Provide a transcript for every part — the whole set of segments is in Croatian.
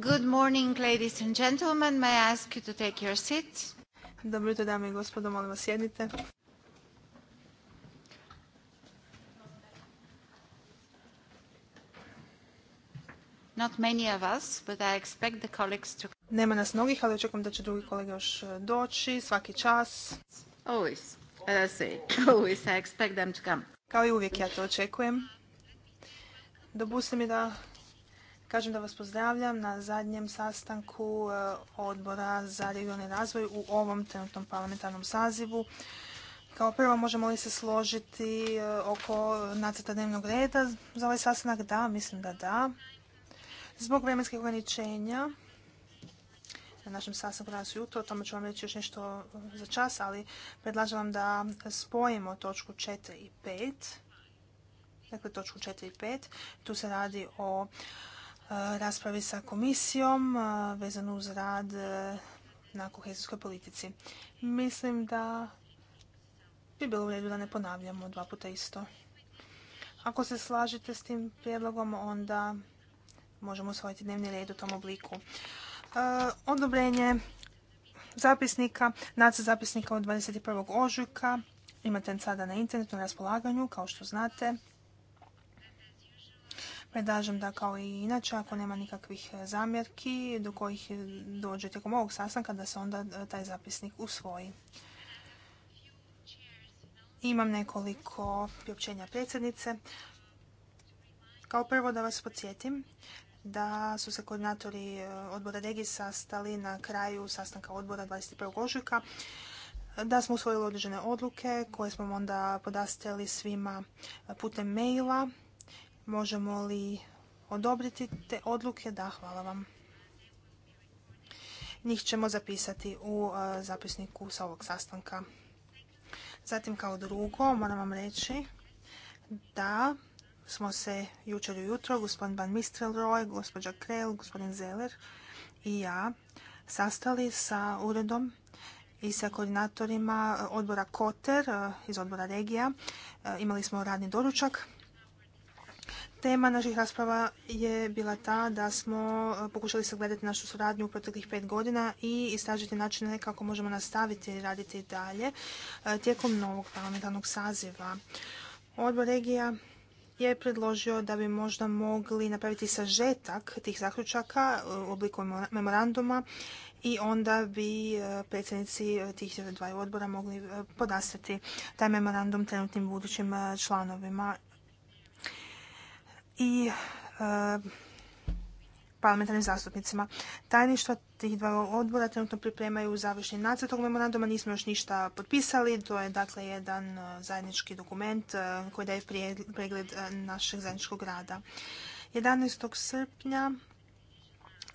Good morning, ladies and gentlemen. May I ask you to take your seats? Dobro jutro, dame i gospodo, molim vas sjednite. Not many of us, but I expect the colleagues to... Nema nas mnogih, ali očekujem da će drugi kolege još e, doći svaki čas. Always, I say, always I expect them to come. Kao i uvijek ja to očekujem. Dopustite mi da Kažem da vas pozdravljam na zadnjem sastanku e, odbora za regionalni razvoj u ovom trenutnom parlamentarnom sazivu. Kao prvo možemo li se složiti e, oko nacrta dnevnog reda za ovaj sastanak? Da, mislim da da. Zbog vremenskih ograničenja na našem sastanku danas jutro, o tome ću vam reći još nešto za čas, ali predlažem vam da spojimo točku 4 i 5. Dakle, točku 4 i 5. Tu se radi o raspravi sa komisijom vezano uz rad e, na kohezijskoj politici. Mislim da bi bilo u redu da ne ponavljamo dva puta isto. Ako se slažete s tim prijedlogom, onda možemo usvojiti dnevni red u tom obliku. E, odobrenje zapisnika, nacrt zapisnika od 21. ožujka imate sada na internetu na raspolaganju, kao što znate. Predlažem da kao i inače, ako nema nikakvih e, zamjerki do kojih dođe tijekom ovog sastanka, da se onda e, taj zapisnik usvoji. Imam nekoliko priopćenja predsjednice. Kao prvo da vas podsjetim da su se koordinatori e, odbora regije sastali na kraju sastanka odbora 21. ožujka, da smo usvojili određene odluke koje smo onda podastili svima putem maila Možemo li odobriti te odluke? Da, hvala vam. Njih ćemo zapisati u e, zapisniku sa ovog sastanka. Zatim kao drugo moram vam reći da smo se jučer ujutro gospodin Van Roy, gospođa Krell, gospodin Zeller i ja sastali sa uredom i sa koordinatorima odbora Koter e, iz odbora regija. E, imali smo radni doručak Tema naših rasprava je bila ta da smo e, pokušali sagledati našu suradnju u proteklih pet godina i istražiti načine kako možemo nastaviti i raditi dalje e, tijekom novog parlamentarnog saziva. Odbor regija je predložio da bi možda mogli napraviti sažetak tih zaključaka e, u obliku memoranduma i onda bi predsjednici tih dvaju odbora mogli podastati taj memorandum trenutnim budućim članovima i e, parlamentarnim zastupnicima. Tajništva tih dva odbora trenutno pripremaju završni nacrt tog memoranduma. Nismo još ništa potpisali. To je dakle jedan e, zajednički dokument e, koji daje pregled našeg zajedničkog rada. 11. srpnja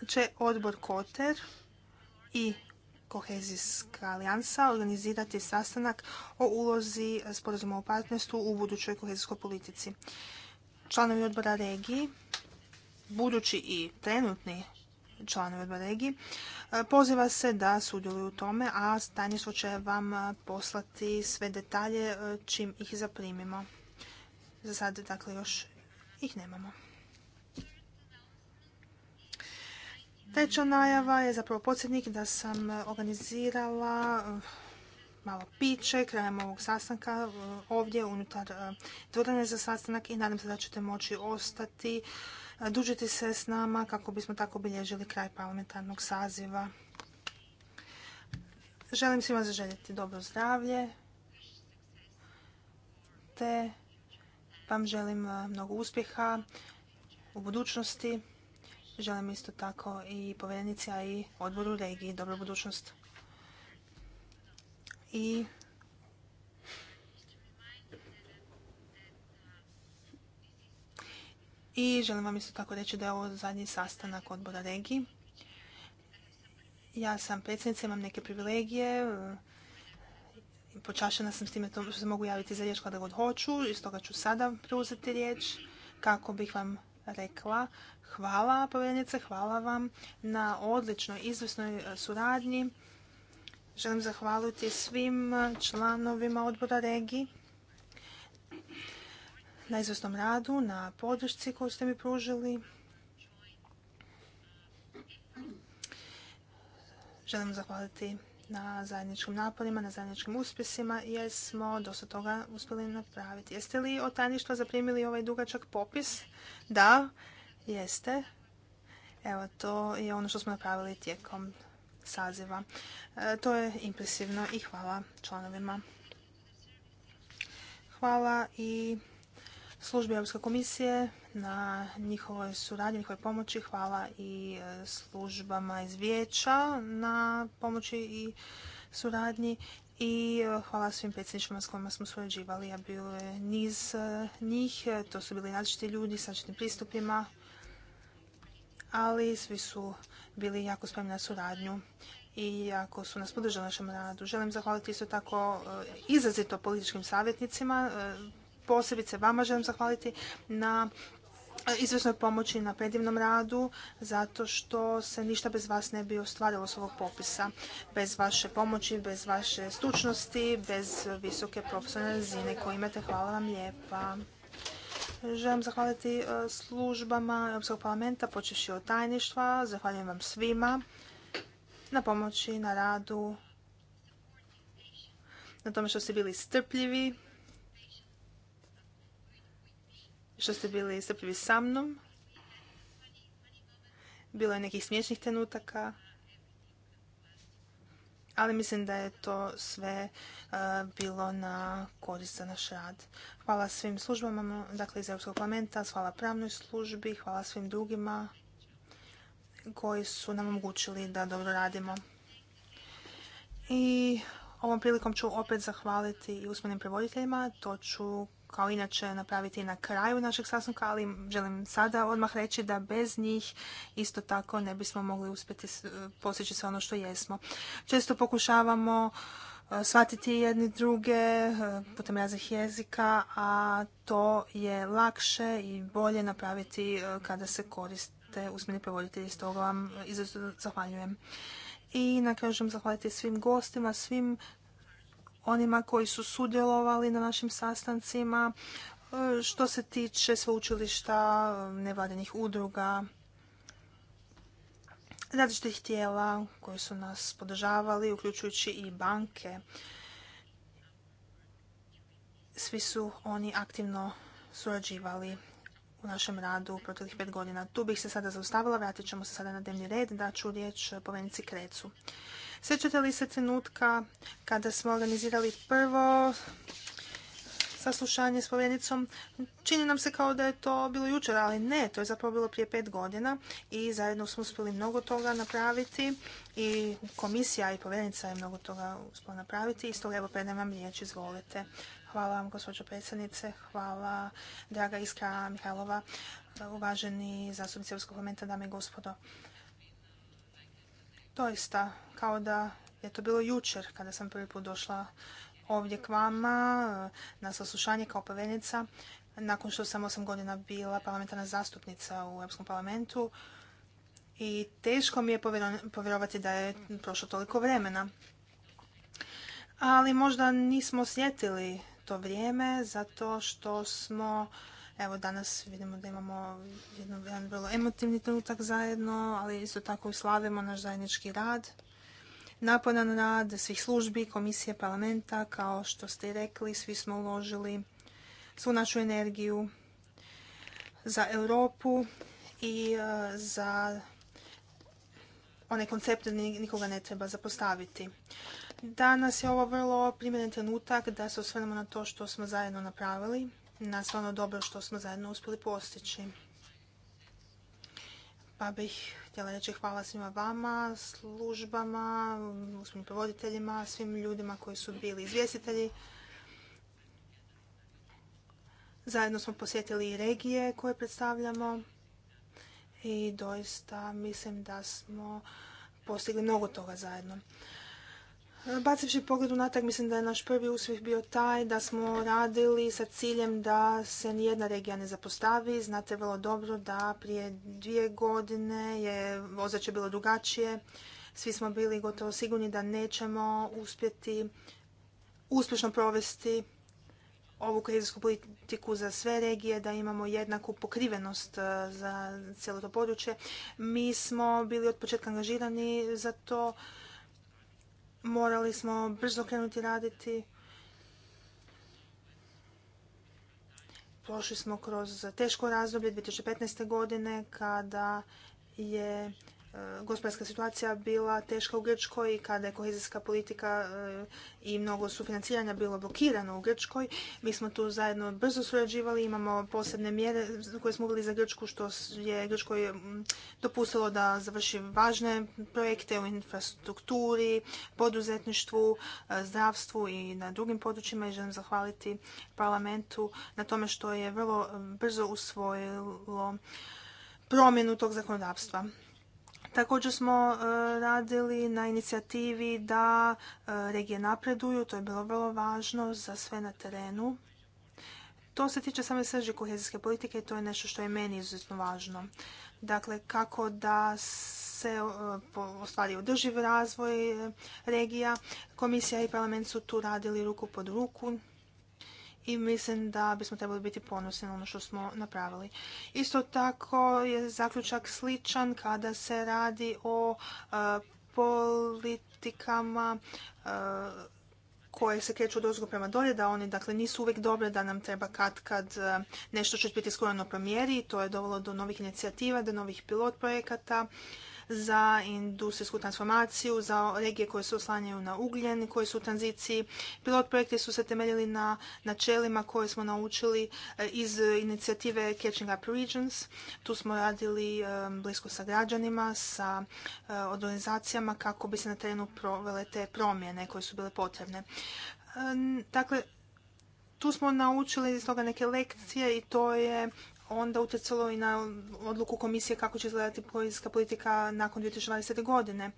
će odbor Koter i Kohezijska alijansa organizirati sastanak o ulozi sporazuma o partnerstvu u budućoj kohezijskoj politici članovi odbora regiji, budući i trenutni članovi odbora regiji, e, poziva se da sudjeluju u tome, a tajništvo će vam e, poslati sve detalje e, čim ih zaprimimo. Za sad, dakle, još ih nemamo. Treća najava je zapravo podsjetnik da sam organizirala malo piće krajem ovog sastanka e, ovdje unutar e, dvorane za sastanak i nadam se da ćete moći ostati, e, dužiti se s nama kako bismo tako obilježili kraj parlamentarnog saziva. Želim svima zaželjeti dobro zdravlje te vam želim mnogo uspjeha u budućnosti. Želim isto tako i povjerenici, a i odboru regiji. Dobro budućnost i I želim vam isto tako reći da je ovo zadnji sastanak odbora regi Ja sam predsjednica, imam neke privilegije. Počašena sam s time što se mogu javiti za riječ kada god hoću i stoga ću sada preuzeti riječ kako bih vam rekla hvala povjerenice, hvala vam na odličnoj izvrsnoj suradnji Želim zahvaliti svim članovima odbora regiji na izvrsnom radu, na podršci koju ste mi pružili. Želim zahvaliti na zajedničkim naporima, na zajedničkim uspjesima, jer smo dosta toga uspjeli napraviti. Jeste li od tajništva zaprimili ovaj dugačak popis? Da, jeste. Evo, to je ono što smo napravili tijekom saziva. E, to je impresivno i hvala članovima. Hvala i službi Europske komisije na njihovoj suradnji, njihovoj pomoći. Hvala i e, službama iz vijeća na pomoći i suradnji i e, hvala svim predsjedničima s kojima smo surađivali. Ja bilo je niz njih, to su bili različiti ljudi s različitim pristupima, ali svi su bili jako spremni na suradnju i jako su nas podržali u našem radu. Želim zahvaliti isto tako e, izrazito političkim savjetnicima, e, posebice vama želim zahvaliti na e, izvrsnoj pomoći na predivnom radu, zato što se ništa bez vas ne bi ostvarilo s ovog popisa. Bez vaše pomoći, bez vaše stručnosti, bez visoke profesionalne razine koje imate. Hvala vam lijepa. Želim zahvaliti e, službama Europskog parlamenta, počeši od tajništva. Zahvaljujem vam svima na pomoći, na radu, na tome što ste bili strpljivi, što ste bili strpljivi sa mnom. Bilo je nekih smiješnih trenutaka, ali mislim da je to sve e, bilo na korist za naš rad. Hvala svim službama dakle, iz Europskog parlamenta, hvala pravnoj službi, hvala svim drugima koji su nam omogućili da dobro radimo. I ovom prilikom ću opet zahvaliti i usmenim prevoditeljima, to ću kao inače napraviti na kraju našeg sastanka, ali želim sada odmah reći da bez njih isto tako ne bismo mogli uspjeti e, posjeći sve ono što jesmo. Često pokušavamo e, shvatiti jedni druge e, putem raznih jezika, a to je lakše i bolje napraviti kada se koriste usmeni prevoditelji. Stoga vam izuzetno zahvaljujem. I na kraju želim zahvaliti svim gostima, svim onima koji su sudjelovali na našim sastancima e, što se tiče sveučilišta, e, nevladinih udruga, različitih tijela koji su nas podržavali, uključujući i banke. Svi su oni aktivno surađivali našem radu u proteklih pet godina. Tu bih se sada zaustavila, vratit ćemo se sada na dnevni red, ću riječ povenici Krecu. Sjećate li se trenutka kada smo organizirali prvo saslušanje s povjednicom. Čini nam se kao da je to bilo jučer, ali ne, to je zapravo bilo prije pet godina i zajedno smo uspjeli mnogo toga napraviti i komisija i povjednica je mnogo toga uspjela napraviti i stoga evo predajem vam riječ, izvolite. Hvala vam, gospođo predsjednice. Hvala, draga Iskra Mihajlova, uvaženi zastupnici Europskog parlamenta, dame i gospodo. Doista, kao da je to bilo jučer kada sam prvi put došla ovdje k vama e, na saslušanje kao povjerenica nakon što sam osam godina bila parlamentarna zastupnica u Europskom parlamentu i teško mi je povjerovati da je prošlo toliko vremena. Ali možda nismo osjetili to vrijeme zato što smo Evo danas vidimo da imamo jedan vrlo emotivni trenutak zajedno, ali isto tako i slavimo naš zajednički rad na rad svih službi, komisije, parlamenta, kao što ste i rekli, svi smo uložili svu našu energiju za Europu i e, za one koncepte nikoga ne treba zapostaviti. Danas je ovo vrlo primjeren trenutak da se osvrnemo na to što smo zajedno napravili, na sve ono dobro što smo zajedno uspjeli postići. Pa bih htjela reći hvala svima vama, službama, svim provoditeljima, svim ljudima koji su bili izvjestitelji. Zajedno smo posjetili i regije koje predstavljamo i doista mislim da smo postigli mnogo toga zajedno. Bacivši pogled unatrag, mislim da je naš prvi uspjeh bio taj da smo radili sa ciljem da se nijedna regija ne zapostavi. Znate vrlo dobro da prije dvije godine je vozače bilo drugačije. Svi smo bili gotovo sigurni da nećemo uspjeti uspješno provesti ovu krizijsku politiku za sve regije, da imamo jednaku pokrivenost e, za cijelo to područje. Mi smo bili od početka angažirani za to morali smo brzo krenuti raditi. Prošli smo kroz teško razdoblje 2015. godine kada je E, gospodarska situacija bila teška u Grčkoj i kada je kohezijska politika e, i mnogo sufinanciranja bilo blokirano u Grčkoj. Mi smo tu zajedno brzo surađivali, imamo posebne mjere koje smo uveli za Grčku što je Grčkoj dopustilo da završi važne projekte u infrastrukturi, poduzetništvu, e, zdravstvu i na drugim područjima i želim zahvaliti parlamentu na tome što je vrlo brzo usvojilo promjenu tog zakonodavstva. Također smo e, radili na inicijativi da e, regije napreduju, to je bilo vrlo važno za sve na terenu. To se tiče same srži kohezijske politike i to je nešto što je meni izuzetno važno. Dakle, kako da se e, ostvari održiv razvoj regija. Komisija i parlament su tu radili ruku pod ruku i mislim da bismo trebali biti ponosni na ono što smo napravili. Isto tako je zaključak sličan kada se radi o e, politikama e, koje se kreću od ozgo prema dolje, da oni dakle nisu uvijek dobre, da nam treba kad kad e, nešto će biti skorano promjeri to je dovelo do novih inicijativa, do novih pilot projekata za industrijsku transformaciju, za regije koje se oslanjaju na ugljen, koje su u tranziciji. Pilot projekti su se temeljili na načelima koje smo naučili eh, iz inicijative Catching Up Regions. Tu smo radili blisko sa građanima, sa eh, organizacijama kako bi se na terenu provele te promjene koje su bile potrebne. Dakle, tu smo naučili iz toga neke lekcije i to je onda utjecalo i na odluku komisije kako će izgledati poljska politika nakon 2020. godine.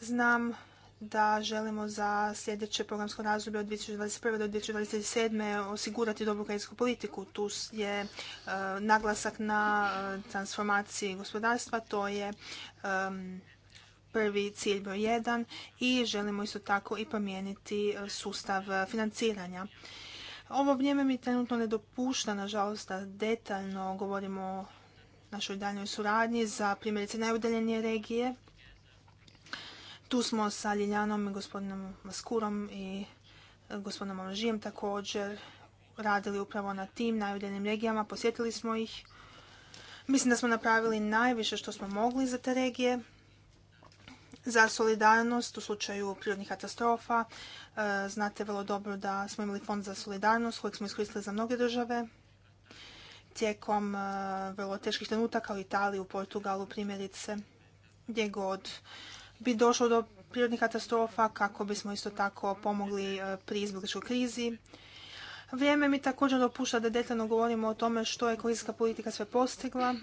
Znam da želimo za sljedeće programsko razdoblje od 2021. do 2027. osigurati dobru politiku. Tu je e, naglasak na e, transformaciji gospodarstva, to je prvi cilj broj jedan, i želimo isto tako i promijeniti e, sustav financiranja. Ovo vrijeme mi trenutno ne dopušta, nažalost, da detaljno govorimo o našoj daljnjoj suradnji za primjerice najudaljenije regije. Tu smo sa Ljiljanom i gospodinom Maskurom i e, gospodinom Ožijem također radili upravo na tim najudaljenim regijama, posjetili smo ih. Mislim da smo napravili najviše što smo mogli za te regije za solidarnost u slučaju prirodnih katastrofa. E, znate vrlo dobro da smo imali fond za solidarnost kojeg smo iskoristili za mnoge države tijekom e, vrlo teških trenutaka u Italiji, u Portugalu primjerice, gdje god bi došlo do prirodnih katastrofa kako bismo isto tako pomogli e, pri izbjegličkoj krizi. Vrijeme mi također dopušta da detaljno govorimo o tome što je ekologijska politika sve postigla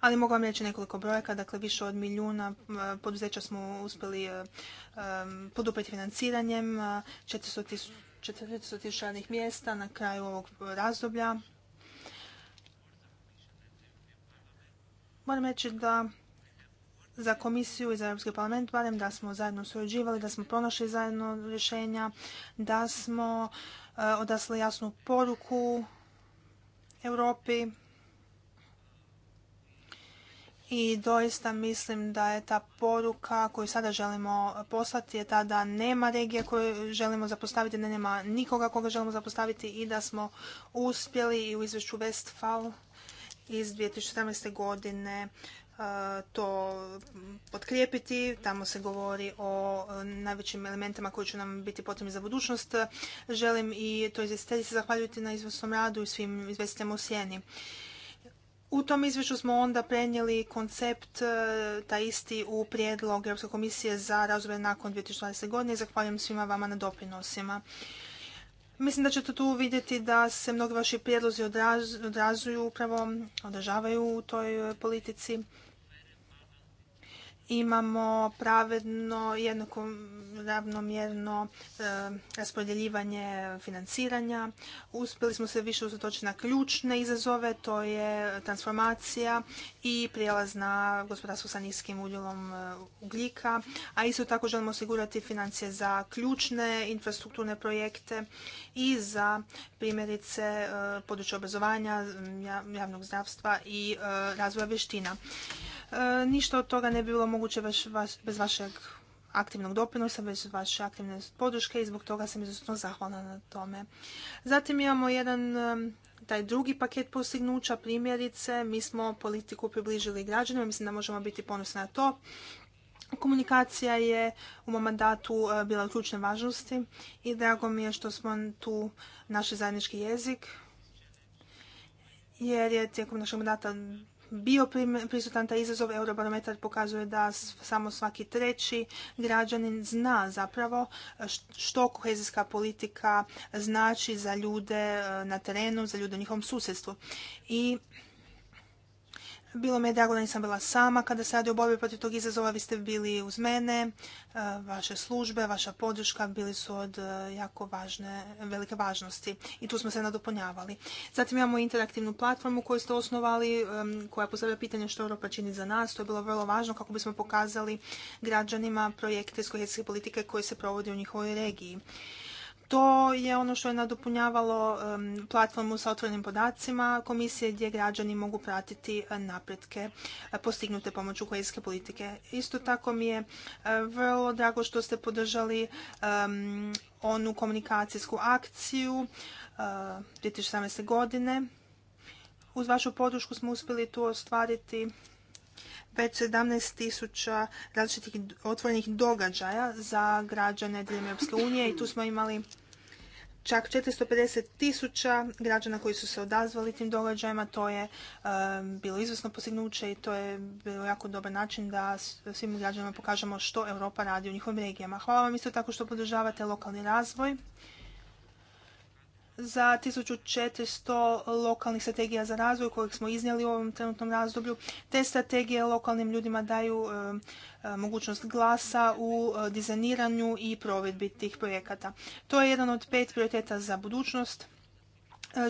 ali mogu vam reći nekoliko brojaka. Dakle, više od milijuna e, poduzeća smo uspjeli e, e, poduprijeti financiranjem, 400 tisuća radnih mjesta na kraju ovog razdoblja. Moram reći da za komisiju i za Europski parlament, barem da smo zajedno surađivali, da smo pronašli zajedno rješenja, da smo odasli jasnu poruku Europi i doista mislim da je ta poruka koju sada želimo poslati je ta da nema regije koju želimo zapostaviti, da nema nikoga koga želimo zapostaviti i da smo uspjeli i u izvješću Westfall iz 2017. godine e, to potkrijepiti. Tamo se govori o najvećim elementima koji će nam biti potrebni za budućnost. Želim i to izvjestitelji se zahvaljujući na izvrsnom radu i svim izvjestiteljima u Sjeni. U tom izvješću smo onda prenijeli koncept e, taj isti u prijedlog Europske komisije za razvoj nakon 2020. godine i zahvaljujem svima vama na doprinosima. Mislim da ćete tu vidjeti da se mnogi vaši prijedlozi odrazuju upravo, održavaju u toj e, politici imamo pravedno, jednako ravnomjerno e, raspodjeljivanje financiranja. Uspjeli smo se više usatočiti na ključne izazove, to je transformacija i prijelaz na gospodarstvo sa niskim udjelom e, ugljika, a isto tako želimo osigurati financije za ključne infrastrukturne projekte i za primjerice područja e, područje obrazovanja, javnog zdravstva i razvoja vještina. E, ništa od toga ne bi bilo moguće bez vašeg aktivnog doprinosa, bez vaše aktivne podrške i zbog toga sam izuzetno zahvalna na tome. Zatim imamo jedan e, taj drugi paket postignuća, primjerice, mi smo politiku približili građanima, mislim da možemo biti ponosni na to. Komunikacija je u mom mandatu e, bila od ključne važnosti i drago mi je što smo tu naš zajednički jezik, jer je tijekom našeg mandata bio prisutan taj izazov, Eurobarometar pokazuje da samo svaki treći građanin zna zapravo što kohezijska politika znači za ljude e, na terenu, za ljude u njihovom susjedstvu. I bilo mi je drago da nisam bila sama kada se radi o borbi protiv tog izazova. Vi ste bili uz mene, e, vaše službe, vaša podrška bili su od e, jako važne, velike važnosti i tu smo se nadopunjavali. Zatim imamo interaktivnu platformu koju ste osnovali, e, koja postavlja pitanje što Europa čini za nas. To je bilo vrlo važno kako bismo pokazali građanima projekte iz politike koje se provode u njihovoj regiji. To je ono što je nadopunjavalo platformu sa otvorenim podacima komisije gdje građani mogu pratiti e, napretke e, postignute pomoću kohezijske politike. Isto tako mi je e, vrlo drago što ste podržali onu komunikacijsku akciju 2017. godine. Uz vašu podršku smo uspjeli tu ostvariti već 17 tisuća različitih otvorenih događaja za građane diljem Europske unije i tu smo imali čak 450 tisuća građana koji su se odazvali tim događajima. To je bilo izvrsno postignuće i to je bilo jako dobar način da svim građanima pokažemo što Europa radi u njihovim regijama. Hvala vam isto tako što podržavate lokalni razvoj za 1400 lokalnih strategija za razvoj kojeg smo iznijeli u ovom trenutnom razdoblju. Te strategije lokalnim ljudima daju e, e, mogućnost glasa u e, dizajniranju i provedbi tih projekata. To je jedan od pet prioriteta za budućnost.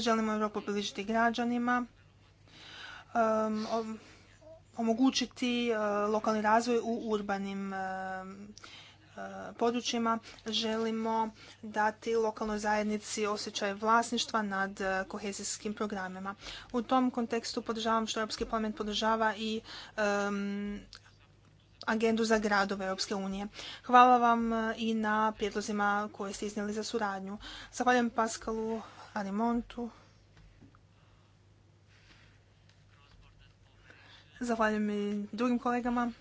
želimo Europu približiti građanima. omogućiti lokalni razvoj u urbanim područjima želimo dati lokalnoj zajednici osjećaj vlasništva nad e, kohezijskim programima. U tom kontekstu podržavam što Europski parlament podržava i agendu za gradove Europske unije. Hvala vam e, i na prijedlozima koje ste iznijeli za suradnju. Zahvaljujem Paskalu Arimontu. Zahvaljujem i drugim kolegama.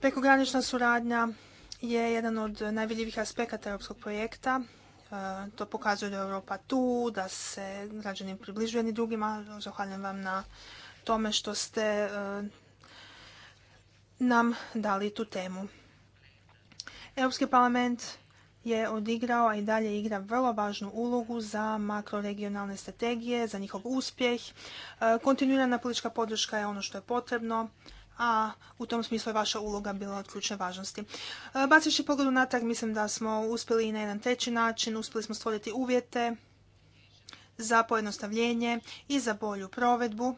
Prekogranična suradnja je jedan od najvidljivih aspekata europskog projekta. E, to pokazuje da je Europa tu, da se građani približuje ni drugima. Zahvaljujem vam na tome što ste e, nam dali tu temu. Europski parlament je odigrao, a i dalje igra vrlo važnu ulogu za makroregionalne strategije, za njihov uspjeh. E, kontinuirana politička podrška je ono što je potrebno a u tom smislu je vaša uloga bila od ključne važnosti. E, Baciši pogled u natrag, mislim da smo uspjeli i na jedan treći način, uspjeli smo stvoriti uvjete za pojednostavljenje i za bolju provedbu.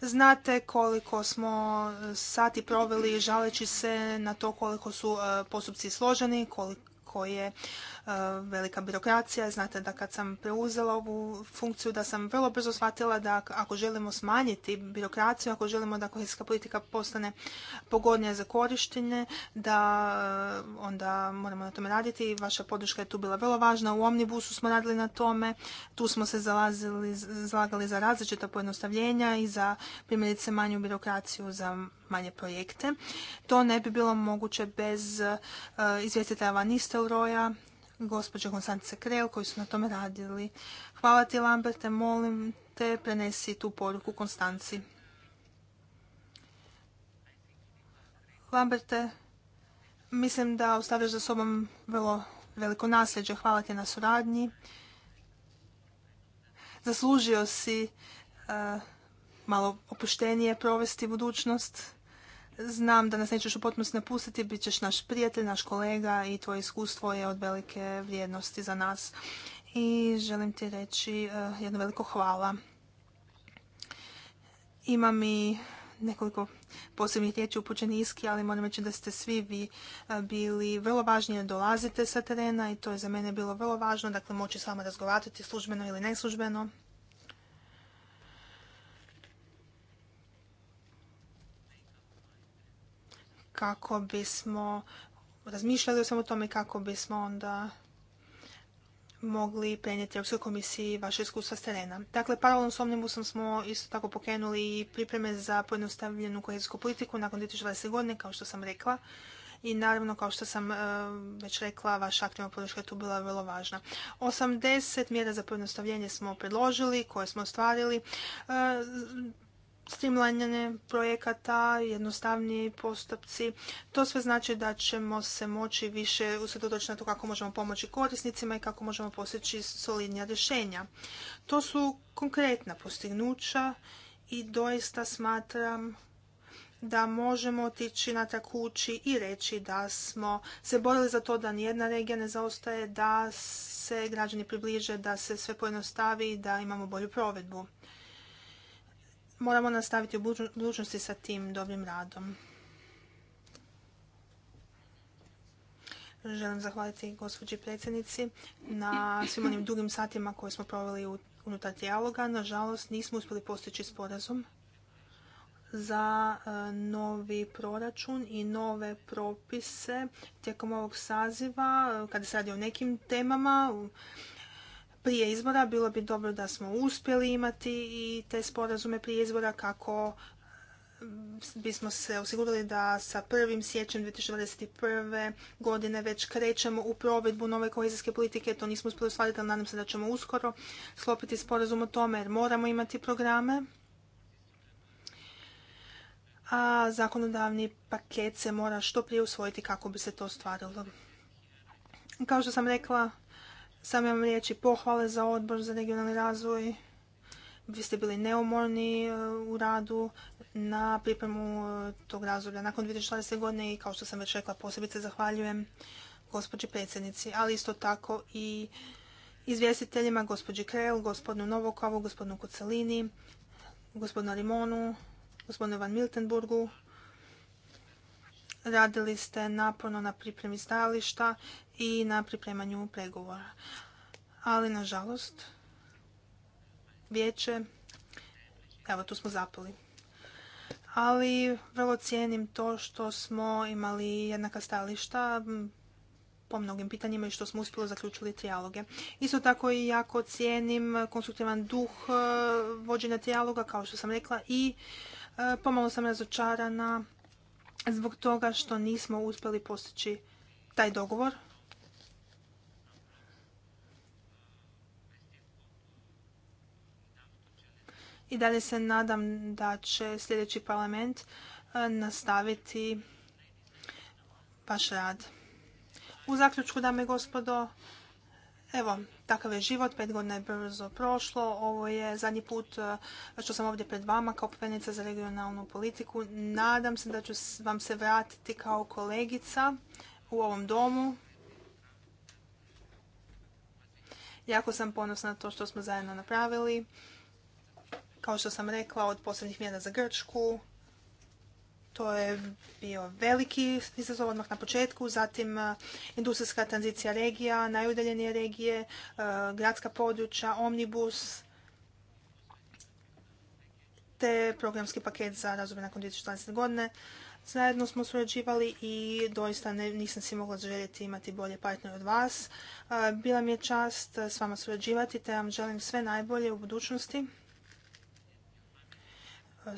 Znate koliko smo e, sati proveli žaleći se na to koliko su e, postupci složeni, koliko je velika birokracija. Znate da kad sam preuzela ovu funkciju da sam vrlo brzo shvatila da ako želimo smanjiti birokraciju, ako želimo da kohezijska politika postane pogodnija za korištenje, da e, onda moramo na tome raditi. Vaša podrška je tu bila vrlo važna. U Omnibusu smo radili na tome. Tu smo se zalazili, zalagali za različita pojednostavljenja i za primjerice manju birokraciju za manje projekte. To ne bi bilo moguće bez e, izvjestitelja Van Nistelroja, gospođe Konstance Kreo koji su na tome radili. Hvala ti Lamberte, molim te prenesi tu poruku Konstanci. Lamberte, mislim da ostavljaš za sobom vrlo veliko nasljeđe. Hvala ti na suradnji. Zaslužio si eh, malo opuštenije provesti budućnost Znam da nas nećeš u potpunosti napustiti, bit ćeš naš prijatelj, naš kolega i tvoje iskustvo je od velike vrijednosti za nas. I želim ti reći eh, jedno veliko hvala. Imam i nekoliko posebnih riječi upućeni iski, ali moram reći da ste svi vi eh, bili vrlo važni jer dolazite sa terena i to je za mene bilo vrlo važno, dakle moći s vama razgovarati službeno ili neslužbeno. kako bismo razmišljali o svemu tome kako bismo onda mogli prenijeti Europskoj komisiji vaše iskustva s terena. Dakle, paralelno s Omnibusom smo isto tako pokrenuli i pripreme za pojednostavljenu kohezijsku politiku nakon 2020. godine, kao što sam rekla. I naravno, kao što sam e, već rekla, vaša aktivna podrška je tu bila vrlo važna. 80 mjera za pojednostavljenje smo predložili, koje smo ostvarili. E, streamlinjanje projekata, jednostavniji postupci. To sve znači da ćemo se moći više usredotočiti na to kako možemo pomoći korisnicima i kako možemo postići solidnija rješenja. To su konkretna postignuća i doista smatram da možemo otići na kući i reći da smo se borili za to da nijedna regija ne zaostaje, da se građani približe, da se sve pojednostavi i da imamo bolju provedbu moramo nastaviti u budućnosti sa tim dobrim radom. Želim zahvaliti gospođi predsjednici na svim onim dugim satima koje smo proveli unutar dijaloga. Nažalost, nismo uspjeli postići sporazum za e, novi proračun i nove propise tijekom ovog saziva, e, kada se radi o nekim temama prije izbora bilo bi dobro da smo uspjeli imati i te sporazume prije izbora kako mm, bismo se osigurali da sa prvim siječnjem 2021. godine već krećemo u provedbu nove kohezijske politike. To nismo uspjeli ostvariti, ali nadam se da ćemo uskoro sklopiti sporazum o tome jer moramo imati programe. A zakonodavni paket se mora što prije usvojiti kako bi se to ostvarilo. Kao što sam rekla, samo vam riječi pohvale za odbor za regionalni razvoj. Vi ste bili neumorni e, u radu na pripremu e, tog razvoja. nakon 2016. godine i kao što sam već rekla posebice zahvaljujem gospođi predsjednici, ali isto tako i izvjestiteljima gospođi Krel, gospodinu Novokovu, gospodinu Kucelini, gospodinu Rimonu, gospodinu Van Miltenburgu. Radili ste naporno na pripremi stajališta i na pripremanju pregovora. Ali, nažalost, vijeće, evo tu smo zapali. Ali vrlo cijenim to što smo imali jednaka stajališta po mnogim pitanjima i što smo uspjeli zaključili trijaloge. Isto tako i jako cijenim konstruktivan duh e, vođenja trijaloga, kao što sam rekla, i e, pomalo sam razočarana zbog toga što nismo uspjeli postići taj dogovor i dalje se nadam da će sljedeći parlament e, nastaviti vaš rad. U zaključku, dame i gospodo, Evo, takav je život, pet godina je brzo prošlo, ovo je zadnji put e, što sam ovdje pred vama kao povjednica za regionalnu politiku. Nadam se da ću vam se vratiti kao kolegica u ovom domu. Jako sam ponosna na to što smo zajedno napravili. Kao što sam rekla, od posljednjih mjera za Grčku, to je bio veliki izazov odmah na početku, zatim eh, industrijska tranzicija regija, najudaljenije regije, eh, gradska područja, omnibus, te programski paket za razdoblje nakon 2014. godine. Zajedno smo surađivali i doista nisam si mogla željeti imati bolje partner od vas. Eh, bila mi je čast s vama surađivati te vam želim sve najbolje u budućnosti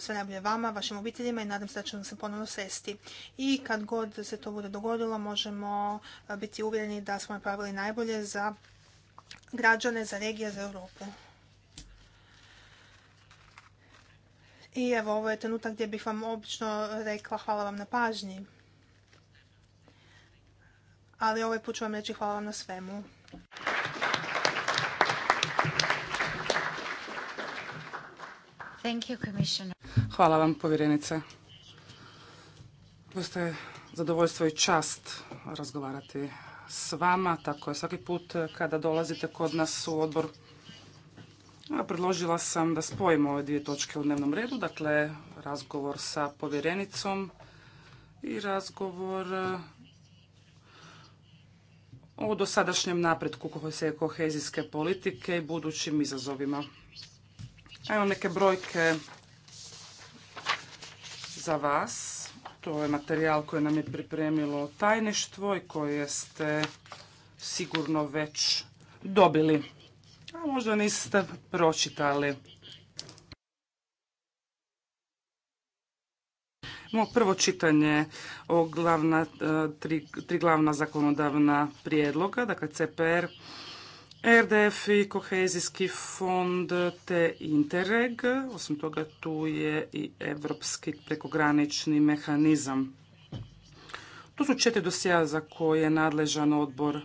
sve najbolje vama, vašim obiteljima i nadam se da ćemo se ponovno sresti. I kad god se to bude dogodilo možemo biti uvjereni da smo napravili najbolje za građane, za regije, za Europu. I evo, ovo je trenutak gdje bih vam obično rekla hvala vam na pažnji. Ali ovaj put ću vam reći hvala vam na svemu. Hvala vam, povjerenice. Postoje zadovoljstvo i čast razgovarati s vama, tako je svaki put kada dolazite kod nas u odbor. predložila sam da spojimo ove dvije točke u dnevnom redu, dakle razgovor sa povjerenicom i razgovor o dosadašnjem napretku kohezijske politike i budućim izazovima. Evo neke brojke za vas. To je materijal koji nam je pripremilo tajništvo i koje ste sigurno već dobili. A možda niste pročitali. mo prvo čitanje o glavna, e, tri, tri glavna zakonodavna prijedloga, dakle CPR, RDF i kohezijski fond te Interreg. Osim toga tu je i evropski prekogranični mehanizam. Tu su četiri dosija za koje je nadležan odbor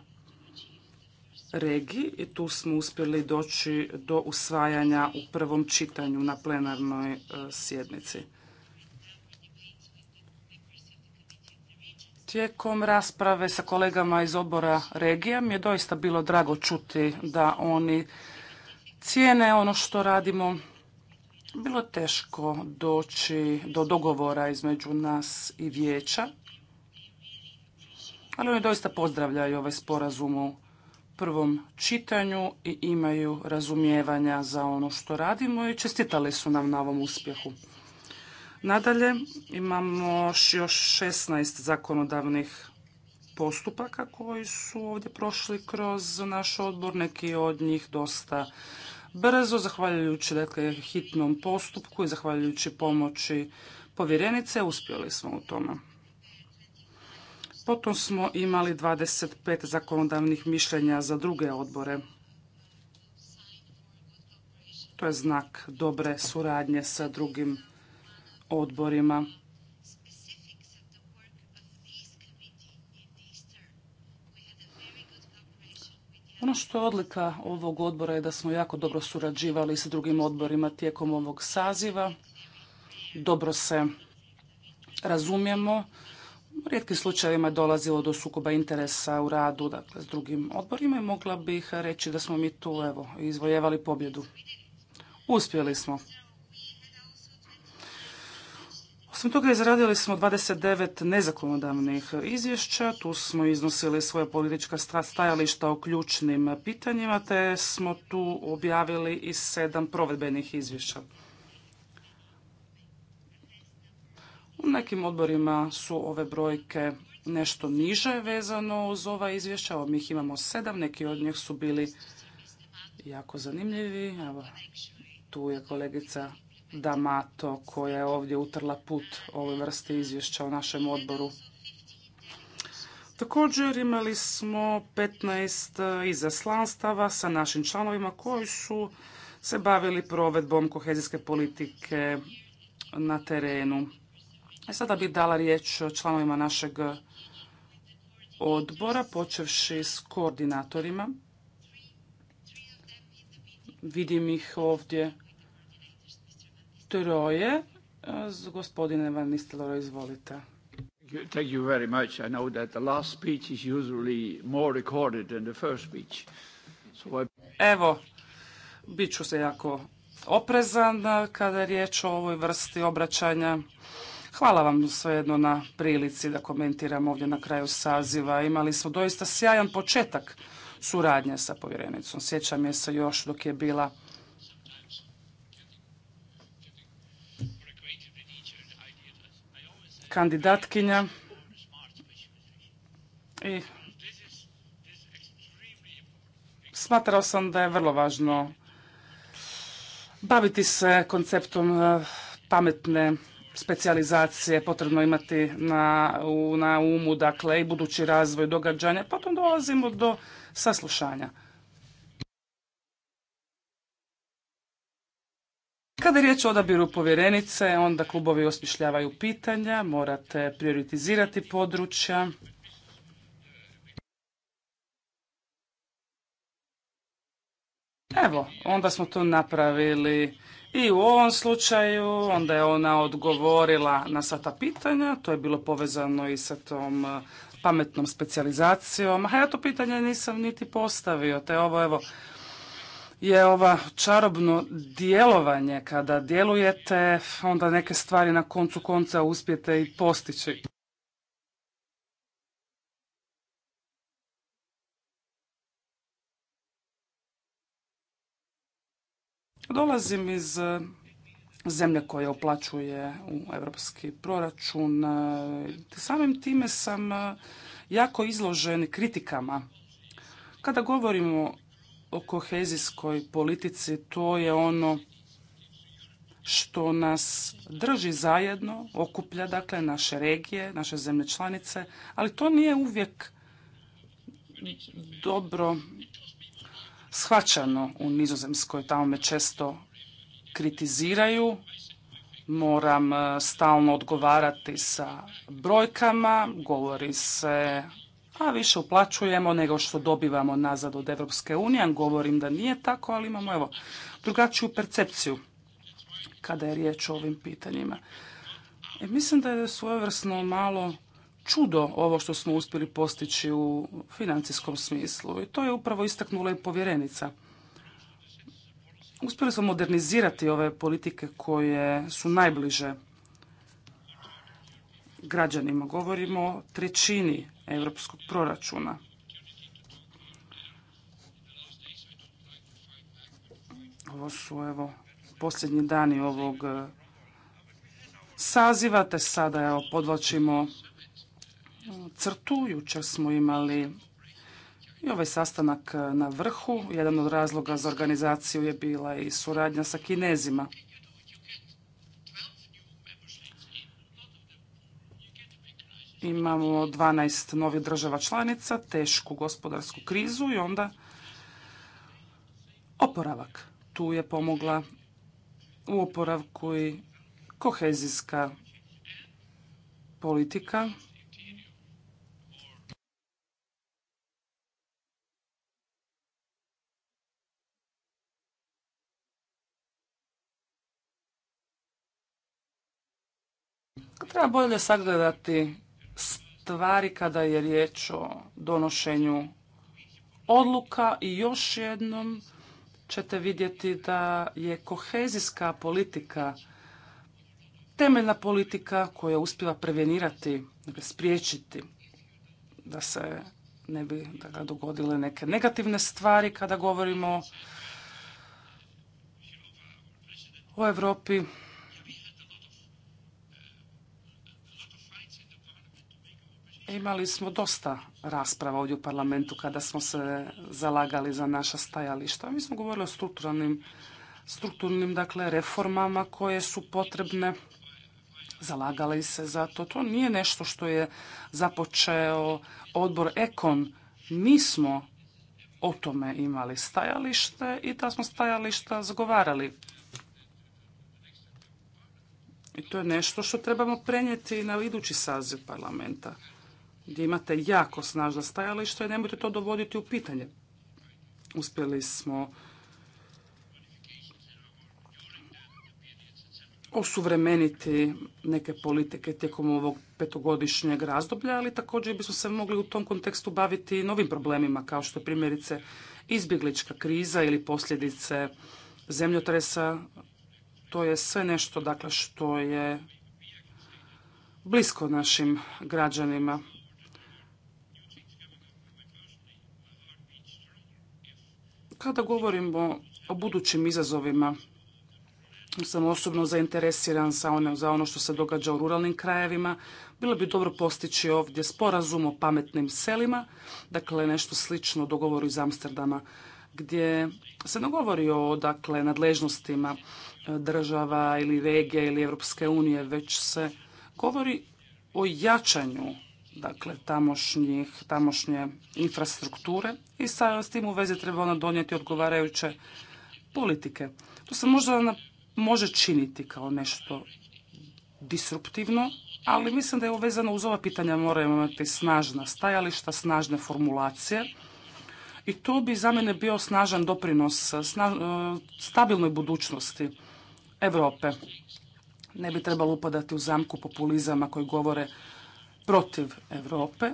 regi i tu smo uspjeli doći do usvajanja u prvom čitanju na plenarnoj e, sjednici. Tijekom rasprave sa kolegama iz obora regija mi je doista bilo drago čuti da oni cijene ono što radimo. Bilo je teško doći do dogovora između nas i vijeća, ali oni doista pozdravljaju ovaj sporazum u prvom čitanju i imaju razumijevanja za ono što radimo i čestitali su nam na ovom uspjehu. Nadalje, imamo još 16 zakonodavnih postupaka koji su ovdje prošli kroz naš odbor, neki od njih dosta brzo, zahvaljujući dakle, hitnom postupku i zahvaljujući pomoći povjerenice, uspjeli smo u tome. Potom smo imali 25 zakonodavnih mišljenja za druge odbore. To je znak dobre suradnje sa drugim odborima. Ono što je odlika ovog odbora je da smo jako dobro surađivali sa drugim odborima tijekom ovog saziva. Dobro se razumijemo. U rijetkim slučajevima je dolazilo do sukoba interesa u radu dakle, s drugim odborima i mogla bih reći da smo mi tu evo, izvojevali pobjedu. Uspjeli smo. Osim toga izradili smo 29 nezakonodavnih izvješća, tu smo iznosili svoje politička stajališta o ključnim pitanjima, te smo tu objavili i sedam provedbenih izvješća. U nekim odborima su ove brojke nešto niže vezano uz ova izvješća, Mi ih imamo sedam, neki od njih su bili jako zanimljivi. Evo, tu je kolegica Damato koja je ovdje utrla put ove vrste izvješća o našem odboru. Također imali smo 15 izaslanstava sa našim članovima koji su se bavili provedbom kohezijske politike na terenu. E, sada bih dala riječ članovima našeg odbora, počevši s koordinatorima. Vidim ih ovdje troje. E, gospodine Van Nistelor, izvolite. Thank you very much. I know that the last speech is usually more recorded than the first speech. Evo, bit ću se jako oprezan e, kada je riječ o ovoj vrsti obraćanja. Hvala vam svejedno na prilici da komentiram ovdje na kraju saziva. Imali smo doista sjajan početak suradnje sa povjerenicom. Sjećam je se još dok je bila kandidatkinja i smatrao sam da je vrlo važno baviti se konceptom e, pametne specijalizacije, potrebno imati na, na umu dakle i budući razvoj događanja. Potom dolazimo do saslušanja. Kada je riječ o odabiru povjerenice, onda klubovi osmišljavaju pitanja, morate prioritizirati područja. Evo, onda smo to napravili i u ovom slučaju, onda je ona odgovorila na sva ta pitanja, to je bilo povezano i sa tom e, pametnom specijalizacijom. A ja to pitanje nisam niti postavio, te ovo evo je ova čarobno djelovanje. Kada djelujete, onda neke stvari na koncu konca uspijete i postići. Dolazim iz e, zemlje koja uplaćuje u evropski proračun. E, samim time sam e, jako izložen kritikama. Kada govorimo o kohezijskoj politici, to je ono što nas drži zajedno, okuplja dakle naše regije, naše zemlje članice, ali to nije uvijek dobro shvaćano u Nizozemskoj, tamo me često kritiziraju, moram eh, stalno odgovarati sa brojkama, govori se a više uplaćujemo nego što dobivamo nazad od Europske unije. Govorim da nije tako, ali imamo evo, drugačiju percepciju kada je riječ o ovim pitanjima. E, mislim da je svojevrsno malo čudo ovo što smo uspjeli postići u financijskom smislu. I to je upravo istaknula i povjerenica. Uspjeli smo modernizirati ove politike koje su najbliže građanima. Govorimo o trećini europskog proračuna. Ovo su evo posljednji dani ovog e, saziva, te sada evo podvlačimo e, crtu. Jučer smo imali i ovaj sastanak e, na vrhu. Jedan od razloga za organizaciju je bila i suradnja sa kinezima. imamo 12 novih država članica, tešku gospodarsku krizu i onda oporavak. Tu je pomogla u oporavku i kohezijska politika. Treba bolje sagledati stvari kada je riječ o donošenju odluka i još jednom ćete vidjeti da je kohezijska politika temeljna politika koja uspjeva prevenirati, dakle, spriječiti da se ne bi da dogodile neke negativne stvari kada govorimo o Europi. Imali smo dosta rasprava ovdje u parlamentu kada smo se zalagali za naša stajališta. Mi smo govorili o strukturnim strukturnim dakle, reformama koje su potrebne. Zalagali se za to. To nije nešto što je započeo odbor Ekon. Mi smo o tome imali stajalište i ta smo stajališta zagovarali. I to je nešto što trebamo prenijeti na idući saziv parlamenta gdje imate jako snažna stajališta i nemojte to dovoditi u pitanje. Uspjeli smo osuvremeniti neke politike tijekom ovog petogodišnjeg razdoblja, ali također bismo se mogli u tom kontekstu baviti novim problemima kao što je primjerice izbjeglička kriza ili posljedice zemljotresa. To je sve nešto dakle što je blisko našim građanima. Kada govorimo o budućim izazovima, sam osobno zainteresiran za ono što se događa u ruralnim krajevima. Bilo bi dobro postići ovdje sporazum o pametnim selima, dakle nešto slično dogovoru iz Amsterdama gdje se ne govori o dakle, nadležnostima e, država ili regije ili Europske unije, već se govori o jačanju dakle, tamošnjih, tamošnje infrastrukture i sa, s tim u vezi treba ona donijeti odgovarajuće politike. To se možda može činiti kao nešto disruptivno, ali mislim da je uvezano uz ova pitanja moramo imati snažna stajališta, snažne formulacije i to bi za mene bio snažan doprinos e, stabilnoj budućnosti Europe. Ne bi trebalo upadati u zamku populizama koji govore protiv Europe.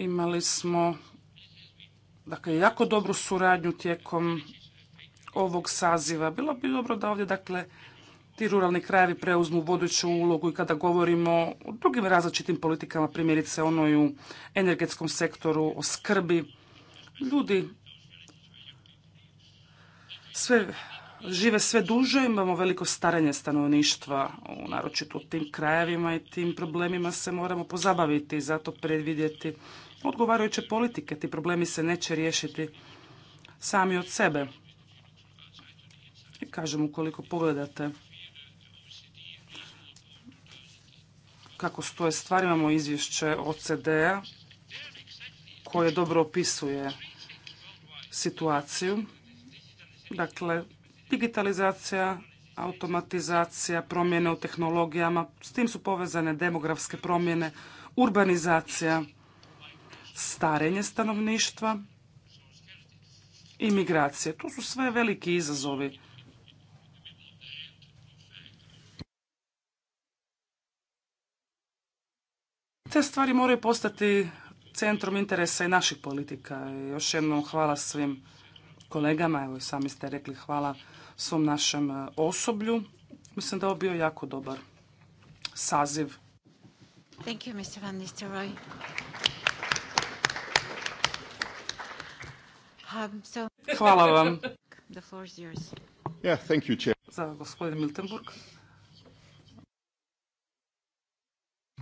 Imali smo dakle, jako dobru suradnju tijekom ovog saziva. Bilo bi dobro da ovdje dakle, ti ruralni krajevi preuzmu vodeću ulogu i kada govorimo o drugim različitim politikama, primjerice onoj u energetskom sektoru, o skrbi. Ljudi sve žive sve duže, imamo veliko starenje stanovništva, naročito u tim krajevima i tim problemima se moramo pozabaviti i zato predvidjeti odgovarajuće politike. Ti problemi se neće riješiti sami od sebe. I kažem, ukoliko pogledate kako stoje stvari, imamo izvješće OCD-a koje dobro opisuje situaciju. Dakle, digitalizacija, automatizacija, promjene u tehnologijama, s tim su povezane demografske promjene, urbanizacija, starenje stanovništva i migracije. To su sve veliki izazovi Te stvari moraju postati centrom interesa i naših politika. još jednom hvala svim kolegama, evo i sami ste rekli hvala svom našem e, osoblju. Mislim da je ovo bio jako dobar saziv. Thank you, Mr. Um, hvala vam. The Yeah, thank you, Za gospodin Miltenburg.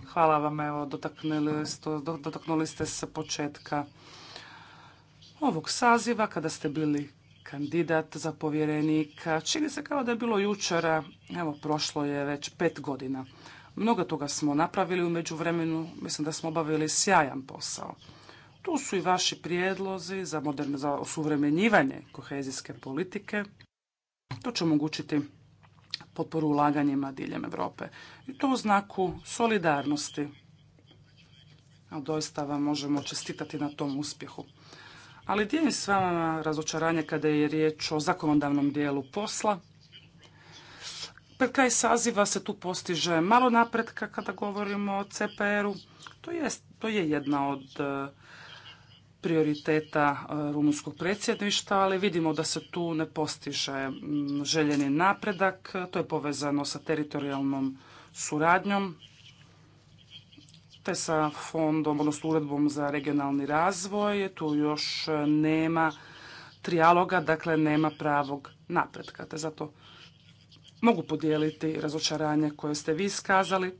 Hvala vam, evo, dotaknuli, ste se početka ovog saziva kada ste bili kandidat za povjerenika. Čini se kao da je bilo jučera, evo prošlo je već pet godina. Mnogo toga smo napravili u međuvremenu, mislim da smo obavili sjajan posao. Tu su i vaši prijedlozi za, modern, za osuvremenjivanje kohezijske politike. To će omogućiti potporu ulaganjima diljem Europe. I to u znaku solidarnosti. A doista vam možemo čestitati na tom uspjehu. Ali dijelim s vama razočaranje kada je riječ o zakonodavnom dijelu posla. Pred kraj saziva se tu postiže malo napretka kada govorimo o CPR-u. to je jedna od prioriteta e, rumunskog predsjedništva, ali vidimo da se tu ne postiže željeni napredak. To je povezano sa teritorijalnom suradnjom te sa fondom, odnosno uredbom za regionalni razvoj. Tu još nema trijaloga, dakle nema pravog napretka. Te zato mogu podijeliti razočaranje koje ste vi iskazali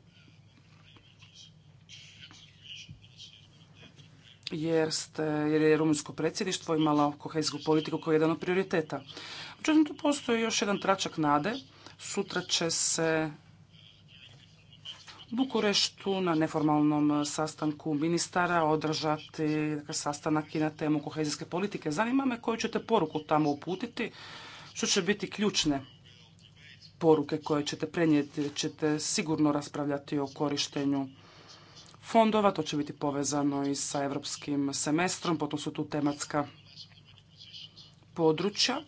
jer, ste, jer je rumunjsko predsjedništvo imalo kohezijsku politiku kao jedan od prioriteta. Međutim, tu postoji još jedan tračak nade. Sutra će se u Bukureštu na neformalnom sastanku ministara održati dakle, sastanak i na temu kohezijske politike. Zanima me koju ćete poruku tamo uputiti, što će biti ključne poruke koje ćete prenijeti, ćete sigurno raspravljati o korištenju fondova, to će biti povezano i sa europskim semestrom, potom su tu tematska područja.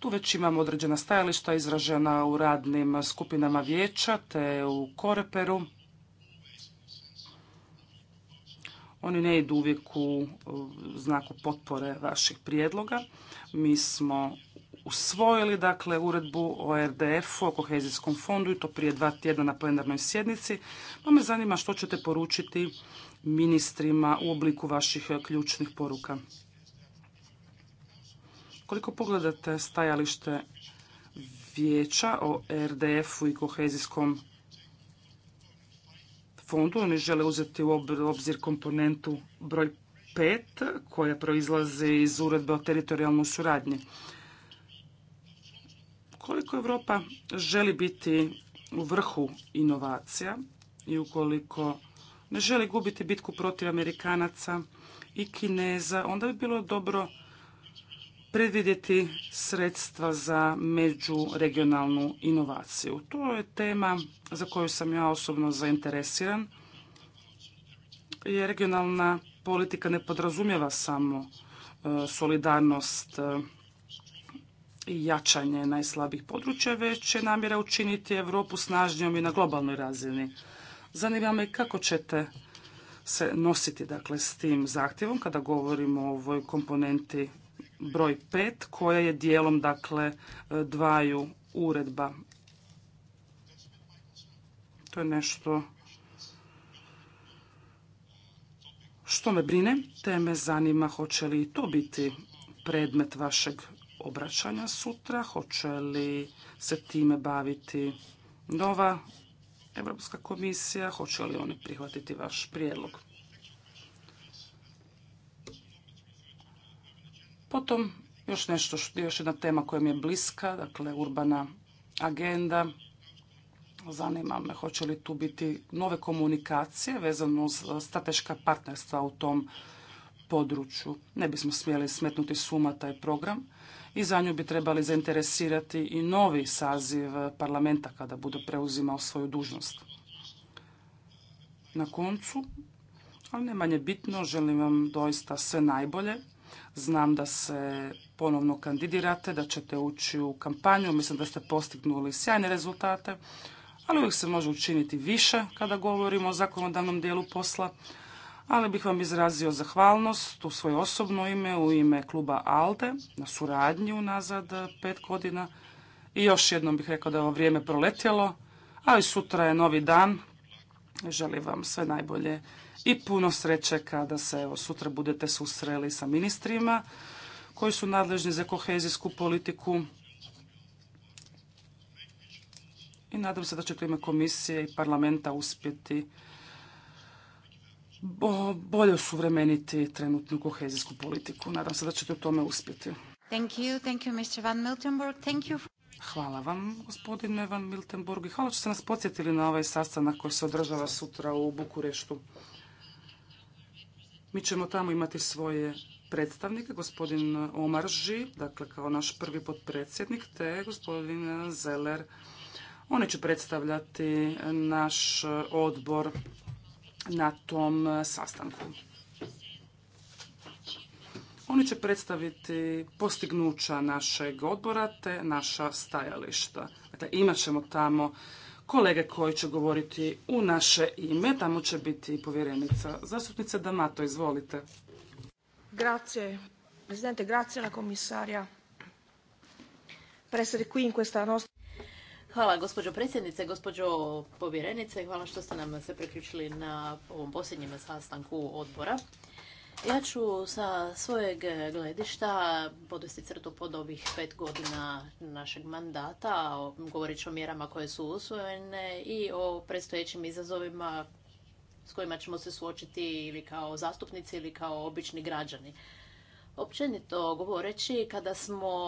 Tu već imamo određena stajališta izražena u radnim skupinama vijeća te u Koreperu. Oni ne idu uvijek u znaku potpore vaših prijedloga. Mi smo usvojili dakle uredbu o RDF-u, o kohezijskom fondu i to prije dva tjedna na plenarnoj sjednici. Pa me zanima što ćete poručiti ministrima u obliku vaših e, ključnih poruka. Koliko pogledate stajalište vijeća o RDF-u i kohezijskom fondu, oni žele uzeti u obzir komponentu broj 5 koja proizlazi iz uredbe o teritorijalnoj suradnji. Ukoliko Europa želi biti u vrhu inovacija i ukoliko ne želi gubiti bitku protiv Amerikanaca i Kineza, onda bi bilo dobro predvidjeti sredstva za međuregionalnu inovaciju. To je tema za koju sam ja osobno zainteresiran. Jer regionalna politika ne podrazumijeva samo e, solidarnost e, i jačanje najslabih područja, već će namjera učiniti Europu snažnijom i na globalnoj razini. Zanima me kako ćete se nositi dakle, s tim zahtjevom kada govorimo o ovoj komponenti broj 5 koja je dijelom dakle, dvaju uredba. To je nešto što me brine, te me zanima hoće li to biti predmet vašeg obraćanja sutra? Hoće li se time baviti nova Europska komisija? Hoće li oni prihvatiti vaš prijedlog? Potom još nešto, još jedna tema koja mi je bliska, dakle urbana agenda. Zanima me hoće li tu biti nove komunikacije vezano uz strateška partnerstva u tom području. Ne bismo smjeli smetnuti suma taj program i za nju bi trebali zainteresirati i novi saziv parlamenta kada bude preuzimao svoju dužnost. Na koncu, ali ne manje bitno, želim vam doista sve najbolje. Znam da se ponovno kandidirate, da ćete ući u kampanju. Mislim da ste postignuli sjajne rezultate, ali uvijek se može učiniti više kada govorimo o zakonodavnom dijelu posla ali bih vam izrazio zahvalnost u svoje osobno ime, u ime kluba ALDE, na suradnju unazad pet godina. I još jednom bih rekao da je ovo vrijeme proletjelo, ali sutra je novi dan. Želim vam sve najbolje i puno sreće kada se evo, sutra budete susreli sa ministrima koji su nadležni za kohezijsku politiku. I nadam se da će u ime komisije i parlamenta uspjeti bolje osuvremeniti trenutnu kohezijsku politiku. Nadam se da ćete u tome uspjeti. Hvala vam, gospodine Van Miltenburg. I hvala što ste nas podsjetili na ovaj sastanak koji se održava sutra u Bukureštu. Mi ćemo tamo imati svoje predstavnike, gospodin Omar Ži, dakle kao naš prvi potpredsjednik, te gospodin Zeller. Oni će predstavljati naš odbor na tom e, sastanku. Oni će predstaviti postignuća našeg odbora te naša stajališta. Dakle, imat ćemo tamo kolege koji će govoriti u naše ime. Tamo će biti povjerenica. Zastupnice Damato, izvolite. Grazie, Presidente, grazie na komisarja qui in questa nostra... Hvala gospođo predsjednice, gospođo povjerenice, hvala što ste nam se priključili na ovom posljednjem sastanku odbora. Ja ću sa svojeg gledišta podvesti crtu pod ovih pet godina našeg mandata, govorit o mjerama koje su usvojene i o predstojećim izazovima s kojima ćemo se suočiti ili kao zastupnici ili kao obični građani. Općenito govoreći, kada smo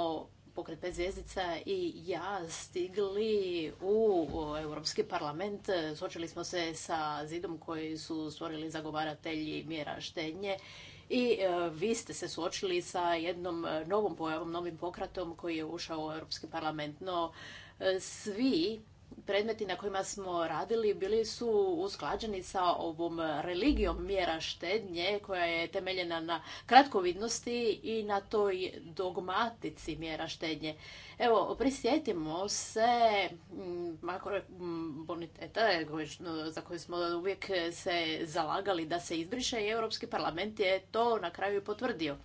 pokret pet zvijezdica i ja stigli u Europski parlament. Sočili smo se sa zidom koji su stvorili zagovaratelji mjera štenje i e, vi ste se suočili sa jednom novom pojavom, novim pokratom koji je ušao u Europski parlament. No, e, svi predmeti na kojima smo radili bili su usklađeni sa ovom religijom mjera štednje koja je temeljena na kratkovidnosti i na toj dogmatici mjera štednje. Evo, prisjetimo se mm, makroboniteta za koju smo uvijek se zalagali da se izbriše i Europski parlament je to na kraju potvrdio.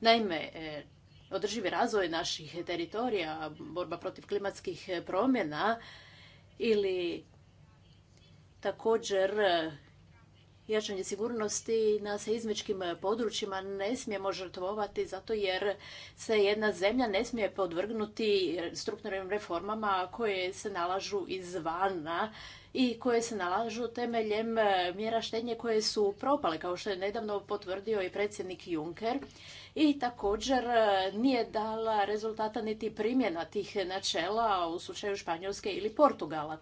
Naime, e, održivi razvoj naših teritorija, borba protiv klimatskih promjena, ili također e, jačanje sigurnosti na seizmičkim područjima ne smijemo žrtvovati zato jer se jedna zemlja ne smije podvrgnuti strukturnim reformama koje se nalažu izvana i koje se nalažu temeljem e, mjera štednje koje su propale, kao što je nedavno potvrdio i predsjednik Juncker i također e, nije dala rezultata niti primjena tih načela u slučaju Španjolske ili Portugala.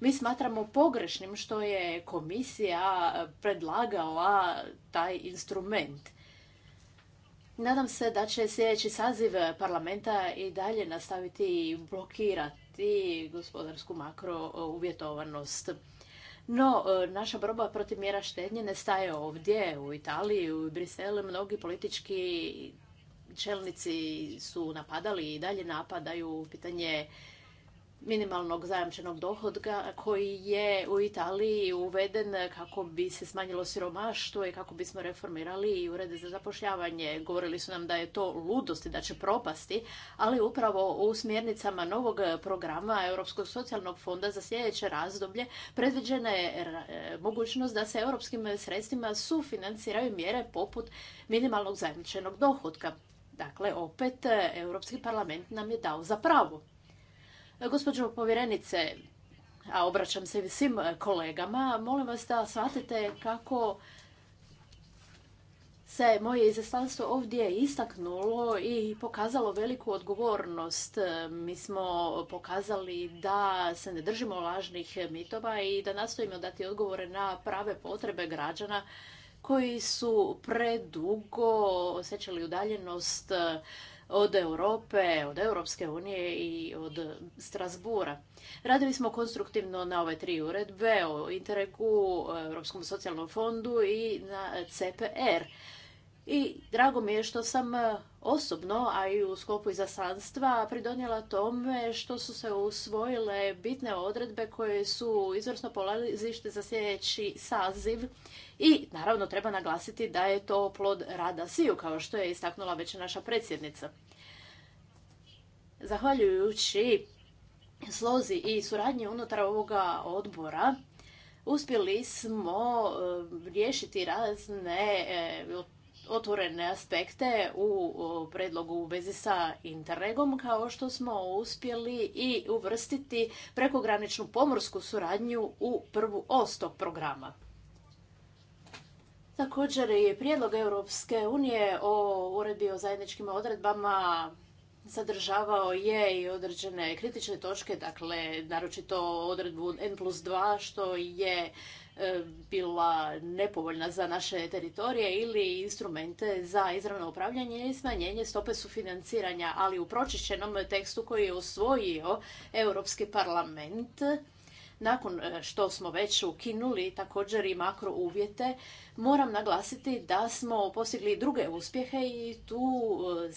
Mi smatramo pogrešnim što je komisija predlagala taj instrument. Nadam se da će sljedeći saziv parlamenta i dalje nastaviti blokirati gospodarsku makrouvjetovanost. No, e, naša borba protiv mjera štednje ne staje ovdje u Italiji, u Briselu. Mnogi politički čelnici su napadali i dalje napadaju pitanje minimalnog zajamčenog dohodka koji je u Italiji uveden kako bi se smanjilo siromaštvo i kako bismo reformirali i urede za zapošljavanje. Govorili su nam da je to ludost i da će propasti, ali upravo u smjernicama novog programa Europskog socijalnog fonda za sljedeće razdoblje predviđena je e, mogućnost da se europskim sredstvima sufinanciraju mjere poput minimalnog zajamčenog dohodka. Dakle, opet e, Europski parlament nam je dao za Gospođo povjerenice, a obraćam se svim kolegama, molim vas da shvatite kako se moje izaslanstvo ovdje istaknulo i pokazalo veliku odgovornost. Mi smo pokazali da se ne držimo lažnih mitova i da nastojimo dati odgovore na prave potrebe građana koji su predugo osjećali udaljenost od Europe, od Europske unije i od Strasbura. Radili smo konstruktivno na ove tri uredbe o Interregu, Europskom socijalnom fondu i na CPR. I drago mi je što sam osobno, a i u sklopu izaslanstva pridonijela tome što su se usvojile bitne odredbe koje su izvrsno polazište za sljedeći saziv i naravno treba naglasiti da je to plod rada sviju kao što je istaknula već naša predsjednica. Zahvaljujući slozi i suradnji unutar ovoga odbora uspjeli smo eh, riješiti razne eh, otvorene aspekte u predlogu u vezi sa Interregom, kao što smo uspjeli i uvrstiti prekograničnu pomorsku suradnju u prvu ostog programa. Također je prijedlog Europske unije o uredbi o zajedničkim odredbama sadržavao je i određene kritične točke, dakle, naročito odredbu N plus 2, što je E, bila nepovoljna za naše teritorije ili instrumente za izravno upravljanje i smanjenje stope sufinanciranja, ali u pročišćenom tekstu koji je usvojio Europski parlament nakon e, što smo već ukinuli također i makro uvjete, moram naglasiti da smo postigli druge uspjehe i tu e,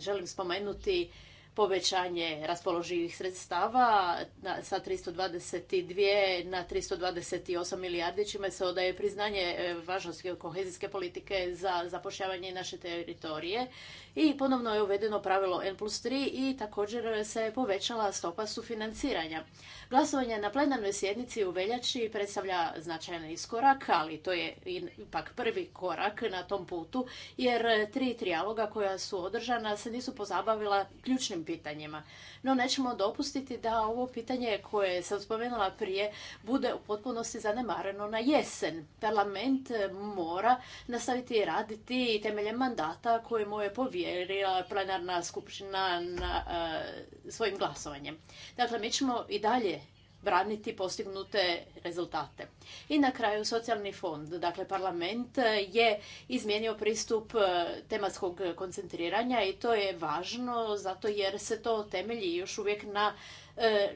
želim spomenuti povećanje raspoloživih sredstava sa 322 na 328 milijardi, čime se odaje priznanje e, važnosti kohezijske politike za zapošljavanje naše teritorije. I ponovno je uvedeno pravilo N plus 3 i također se povećala stopa sufinanciranja. Glasovanje na plenarnoj sjednici u Veljači predstavlja značajan iskorak, ali to je ipak prvi korak na tom putu, jer tri trijaloga koja su održana se nisu pozabavila ključnim pitanjima. No nećemo dopustiti da ovo pitanje koje sam spomenula prije bude u potpunosti zanemareno na jesen. Parlament eh, mora nastaviti raditi temeljem mandata koje mu je povjerila plenarna skupština na, eh, svojim glasovanjem. Dakle, mi ćemo i dalje braniti postignute rezultate. I na kraju socijalni fond. Dakle, parlament je izmijenio pristup e, tematskog koncentriranja i to je važno zato jer se to temelji još uvijek na e,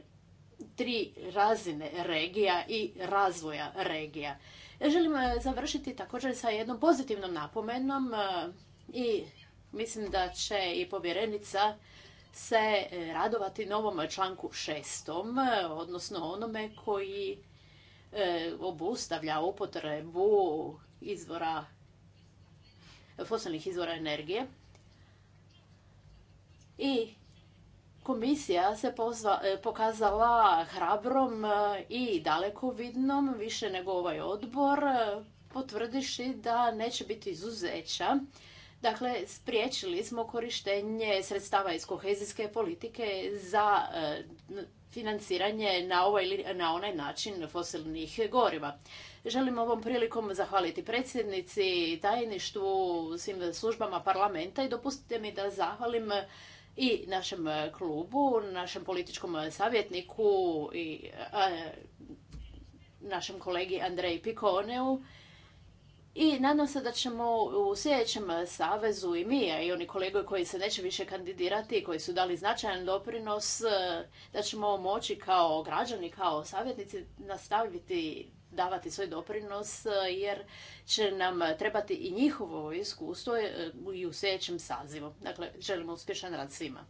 tri razine regija i razvoja regija. Želim e, završiti također sa jednom pozitivnom napomenom i mislim da će i povjerenica se e, radovati novom članku šestom, e, odnosno onome koji e, obustavlja upotrebu izvora, fosilnih izvora energije. I komisija se pokazala hrabrom i dalekovidnom, više nego ovaj odbor, potvrdiši da neće biti izuzeća Dakle, spriječili smo korištenje sredstava iz kohezijske politike za e, financiranje na ovaj ili na onaj način fosilnih goriva. Želim ovom prilikom zahvaliti predsjednici, tajništvu, svim službama parlamenta i dopustite mi da zahvalim i našem klubu, našem političkom savjetniku i e, našem kolegi Andreji Pikoneu i nadam se da ćemo u sljedećem e, savezu i mi, a i oni kolege koji se neće više kandidirati, koji su dali značajan doprinos, e, da ćemo moći kao građani, kao savjetnici nastaviti davati svoj doprinos, e, jer će nam trebati i njihovo iskustvo i u sljedećem sazivu. Dakle, želimo uspješan rad svima.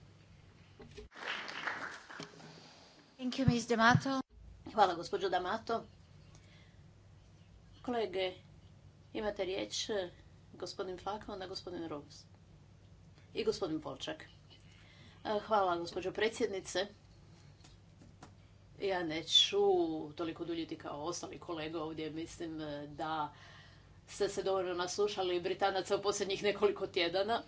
Hvala, gospođo D'Amato. Kolege, Imate riječ e, gospodin Fako, onda gospodin Rogus i gospodin Polčak. E, hvala gospođo predsjednice. Ja neću toliko duljiti kao ostali kolega ovdje. Mislim e, da ste se dobro naslušali Britanaca u posljednjih nekoliko tjedana.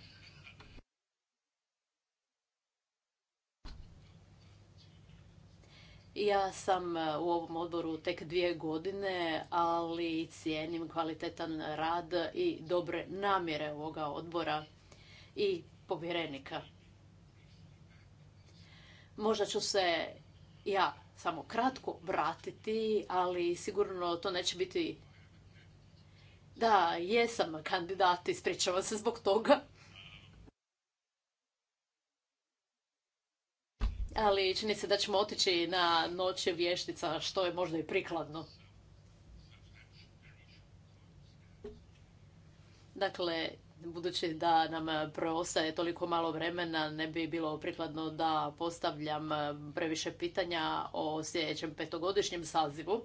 Ja sam e, u ovom odboru tek dvije godine, ali cijenim kvalitetan rad i dobre namjere ovoga odbora i povjerenika. Možda ću se ja samo kratko vratiti, ali sigurno to neće biti... Da, jesam kandidat, ispričavam se zbog toga. ali čini se da ćemo otići na noće vještica, što je možda i prikladno. Dakle, budući da nam preostaje toliko malo vremena, ne bi bilo prikladno da postavljam previše pitanja o sljedećem petogodišnjem sazivu.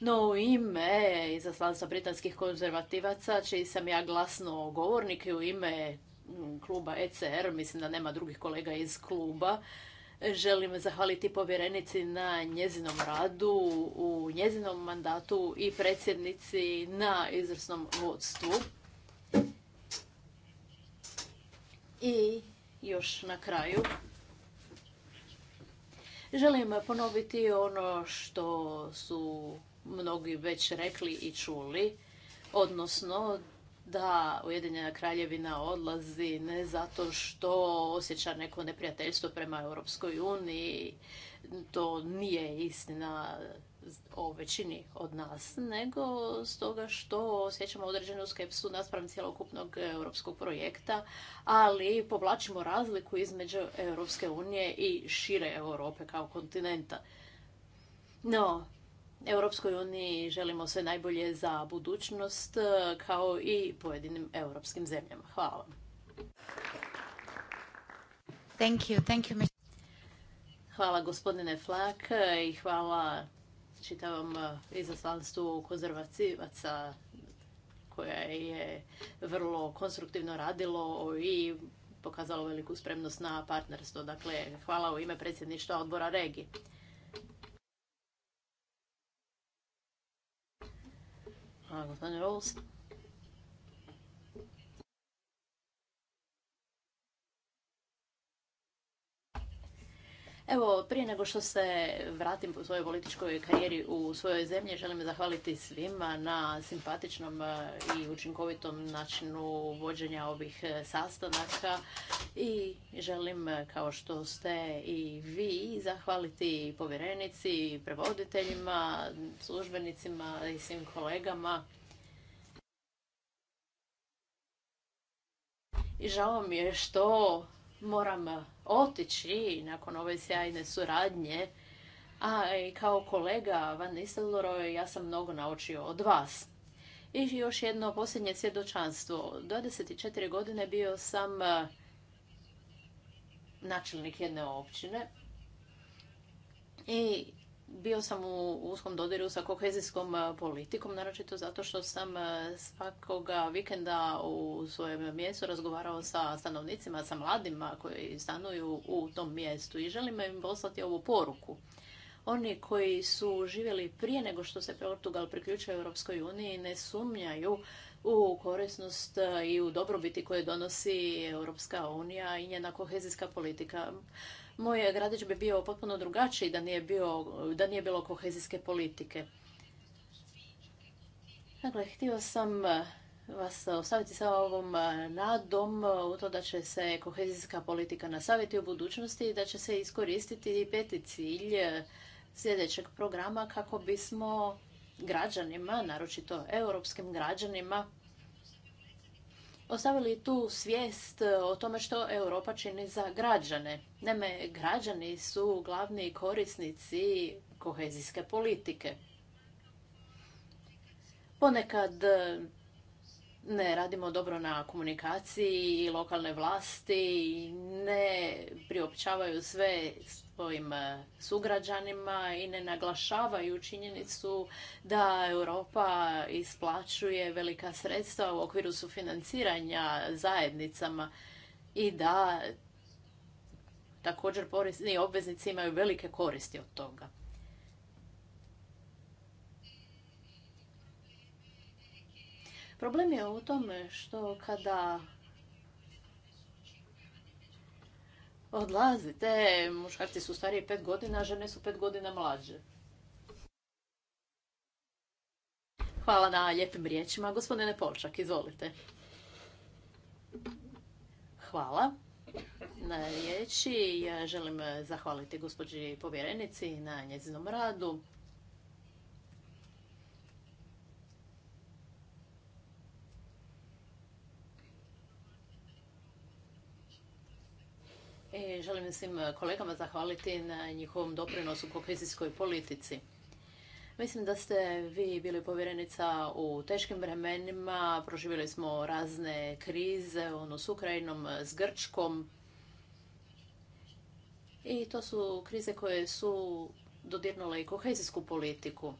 No u ime izaslanstva britanskih konzervativaca, čiji sam ja glasno govornik i u ime kluba ECR, mislim da nema drugih kolega iz kluba, Želim zahvaliti povjerenici na njezinom radu, u njezinom mandatu i predsjednici na izvrsnom vodstvu. I još na kraju želim ponoviti ono što su mnogi već rekli i čuli, odnosno da Ujedinjena kraljevina odlazi ne zato što osjeća neko neprijateljstvo prema Europskoj uniji, to nije istina o većini od nas, nego stoga što osjećamo određenu skepsu naspram cjelokupnog europskog projekta, ali povlačimo razliku između Europske unije i šire Europe kao kontinenta. No, Europskoj uniji želimo sve najbolje za budućnost e, kao i pojedinim europskim zemljama. Hvala Thank you, thank you. Hvala gospodine Flak e, i hvala čitavom e, izaslanstvu konzervacivaca koja je vrlo konstruktivno radilo i pokazalo veliku spremnost na partnerstvo. Dakle, hvala u ime predsjedništva odbora Regi. Hvala, gospodine Evo, prije nego što se vratim po svojoj političkoj karijeri u svojoj zemlji, želim zahvaliti svima na simpatičnom e, i učinkovitom načinu vođenja ovih e, sastanaka i želim, e, kao što ste i vi, zahvaliti povjerenici, prevoditeljima, službenicima i svim kolegama. I žao mi je što moram eh, otići nakon ove sjajne suradnje. A i kao kolega Van Nistelrooy ja sam mnogo naučio od vas. I još jedno posljednje svjedočanstvo. 24 godine bio sam eh, načelnik jedne općine i bio sam u uskom dodiru sa kohezijskom politikom, naročito zato što sam svakoga vikenda u svojem mjestu razgovarao sa stanovnicima, sa mladima koji stanuju u tom mjestu i želim im poslati ovu poruku. Oni koji su živjeli prije nego što se Portugal u Europskoj uniji ne sumnjaju u korisnost i u dobrobiti koje donosi Europska unija i njena kohezijska politika moj eh, gradić bi bio potpuno drugačiji da nije, da nije bilo kohezijske politike. Dakle, htio sam eh, vas ostaviti sa ovom eh, nadom u to da će se kohezijska politika nastaviti u budućnosti i da će se iskoristiti peti cilj sljedećeg programa kako bismo građanima, naročito europskim građanima, ostavili tu svijest e, o tome što Europa čini za građane. Neme, građani su glavni korisnici kohezijske politike. Ponekad ne radimo dobro na komunikaciji i lokalne vlasti ne priopćavaju sve svojim e, sugrađanima i ne naglašavaju činjenicu da Europa isplaćuje velika sredstva u okviru sufinanciranja zajednicama i da također porezni obveznici imaju velike koristi od toga. Problem je u tome što kada odlazite, muškarci su stariji pet godina, a žene su pet godina mlađe. Hvala na lijepim riječima. Gospodine Polčak, izvolite. Hvala na riječi. želim zahvaliti gospođi povjerenici na njezinom radu. I e, želim svim e, kolegama zahvaliti na njihovom doprinosu kohezijskoj politici. Mislim da ste vi bili povjerenica u teškim vremenima, proživjeli smo razne krize, ono s Ukrajinom, e, s Grčkom. I to su krize koje su dodirnule i kohezijsku politiku.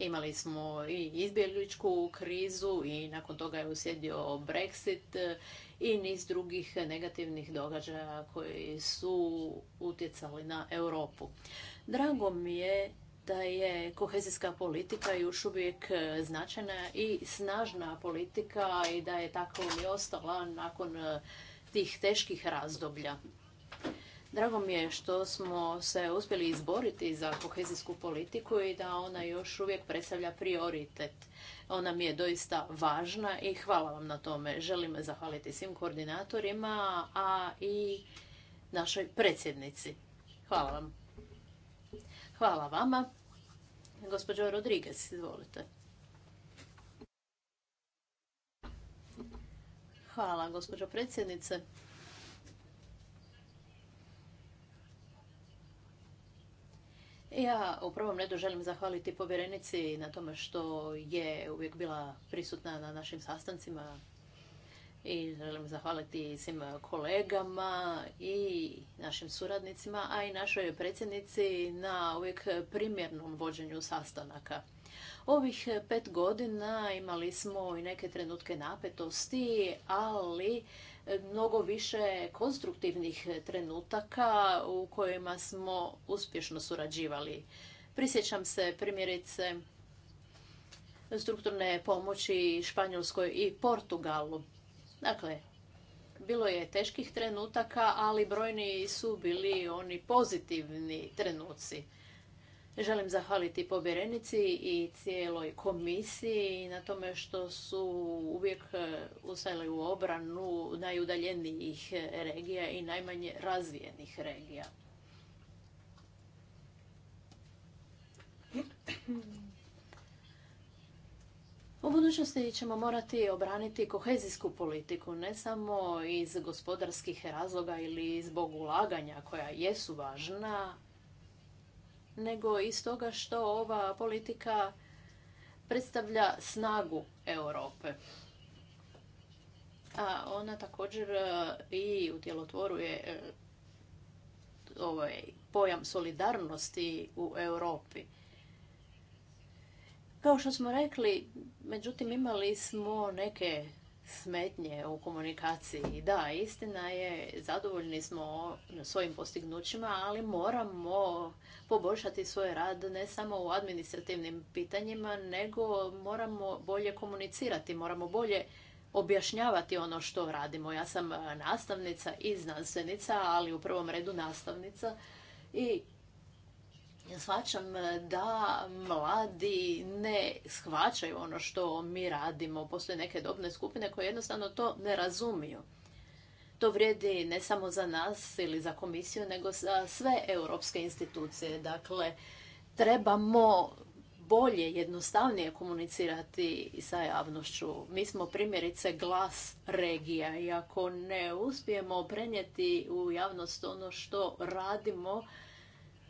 Imali smo i izbjegličku krizu i nakon toga je usjedio Brexit e, i niz drugih negativnih događaja koji su utjecali na Europu. Drago mi je da je kohezijska politika još uvijek značajna i snažna politika i da je tako i ostala nakon e, tih teških razdoblja. Drago mi je što smo se uspjeli izboriti za kohezijsku politiku i da ona još uvijek predstavlja prioritet. Ona mi je doista važna i hvala vam na tome. Želim zahvaliti svim koordinatorima, a i našoj predsjednici. Hvala vam. Hvala vama. Gospođo Rodriguez, izvolite. Hvala, gospođo predsjednice. Ja u prvom redu želim zahvaliti povjerenici na tome što je uvijek bila prisutna na našim sastancima i želim zahvaliti svim kolegama i našim suradnicima, a i našoj predsjednici na uvijek primjernom vođenju sastanaka. Ovih pet godina imali smo i neke trenutke napetosti, ali mnogo više konstruktivnih trenutaka u kojima smo uspješno surađivali. Prisjećam se primjerice strukturne pomoći Španjolskoj i Portugalu. Dakle, bilo je teških trenutaka, ali brojni su bili oni pozitivni trenuci. Želim zahvaliti povjerenici i cijeloj komisiji na tome što su uvijek e, ustajali u obranu najudaljenijih regija i najmanje razvijenih regija. U budućnosti ćemo morati obraniti kohezijsku politiku, ne samo iz gospodarskih razloga ili zbog ulaganja koja jesu važna, nego i toga što ova politika predstavlja snagu Europe. A ona također e, i utjelotvoruje e, ovaj pojam solidarnosti u Europi. Kao što smo rekli, međutim imali smo neke smetnje u komunikaciji. Da, istina je, zadovoljni smo svojim postignućima, ali moramo poboljšati svoj rad ne samo u administrativnim pitanjima, nego moramo bolje komunicirati, moramo bolje objašnjavati ono što radimo. Ja sam nastavnica i znanstvenica, ali u prvom redu nastavnica i shvaćam e, da mladi ne shvaćaju ono što mi radimo. Postoje neke dobne skupine koje jednostavno to ne razumiju. To vrijedi ne samo za nas ili za komisiju, nego za sve europske institucije. Dakle, trebamo bolje, jednostavnije komunicirati sa javnošću. Mi smo primjerice glas regija i ako ne uspijemo prenijeti u javnost ono što radimo,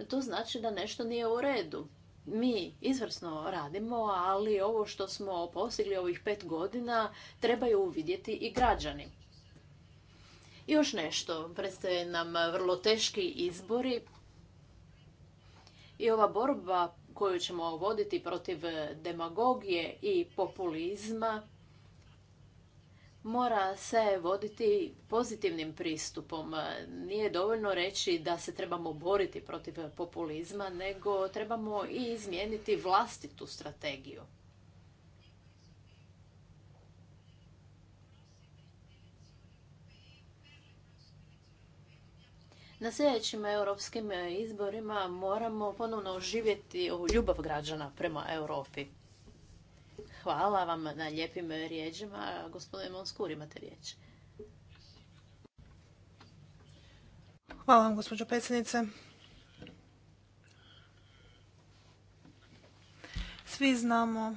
to znači da nešto nije u redu. Mi izvrsno radimo, ali ovo što smo postigli ovih pet godina trebaju uvidjeti i građani. još nešto, predstoje nam vrlo teški izbori i ova borba koju ćemo voditi protiv demagogije i populizma mora se voditi pozitivnim pristupom. Nije dovoljno reći da se trebamo boriti protiv populizma, nego trebamo i izmijeniti vlastitu strategiju. Na sljedećim europskim izborima moramo ponovno oživjeti ljubav građana prema Europi. Hvala vam na lijepim riječima. Gospodine Monskur, imate riječ. Hvala vam, gospođo predsjednice. Svi znamo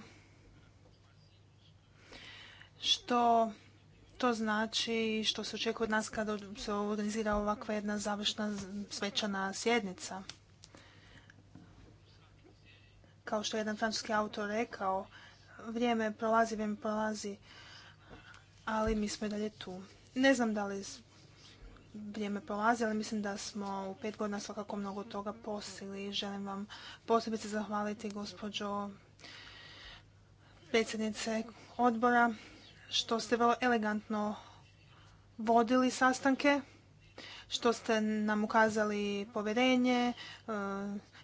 što to znači i što se očekuje od nas kada se organizira ovakva jedna završna svečana sjednica. Kao što je jedan francuski autor rekao, vrijeme prolazi, vrijeme prolazi, ali mi smo i dalje tu. Ne znam da li vrijeme prolazi, ali mislim da smo u pet godina svakako mnogo toga posili Želim vam posebice zahvaliti gospođo predsjednice odbora što ste vrlo elegantno vodili sastanke, što ste nam ukazali povjerenje, e,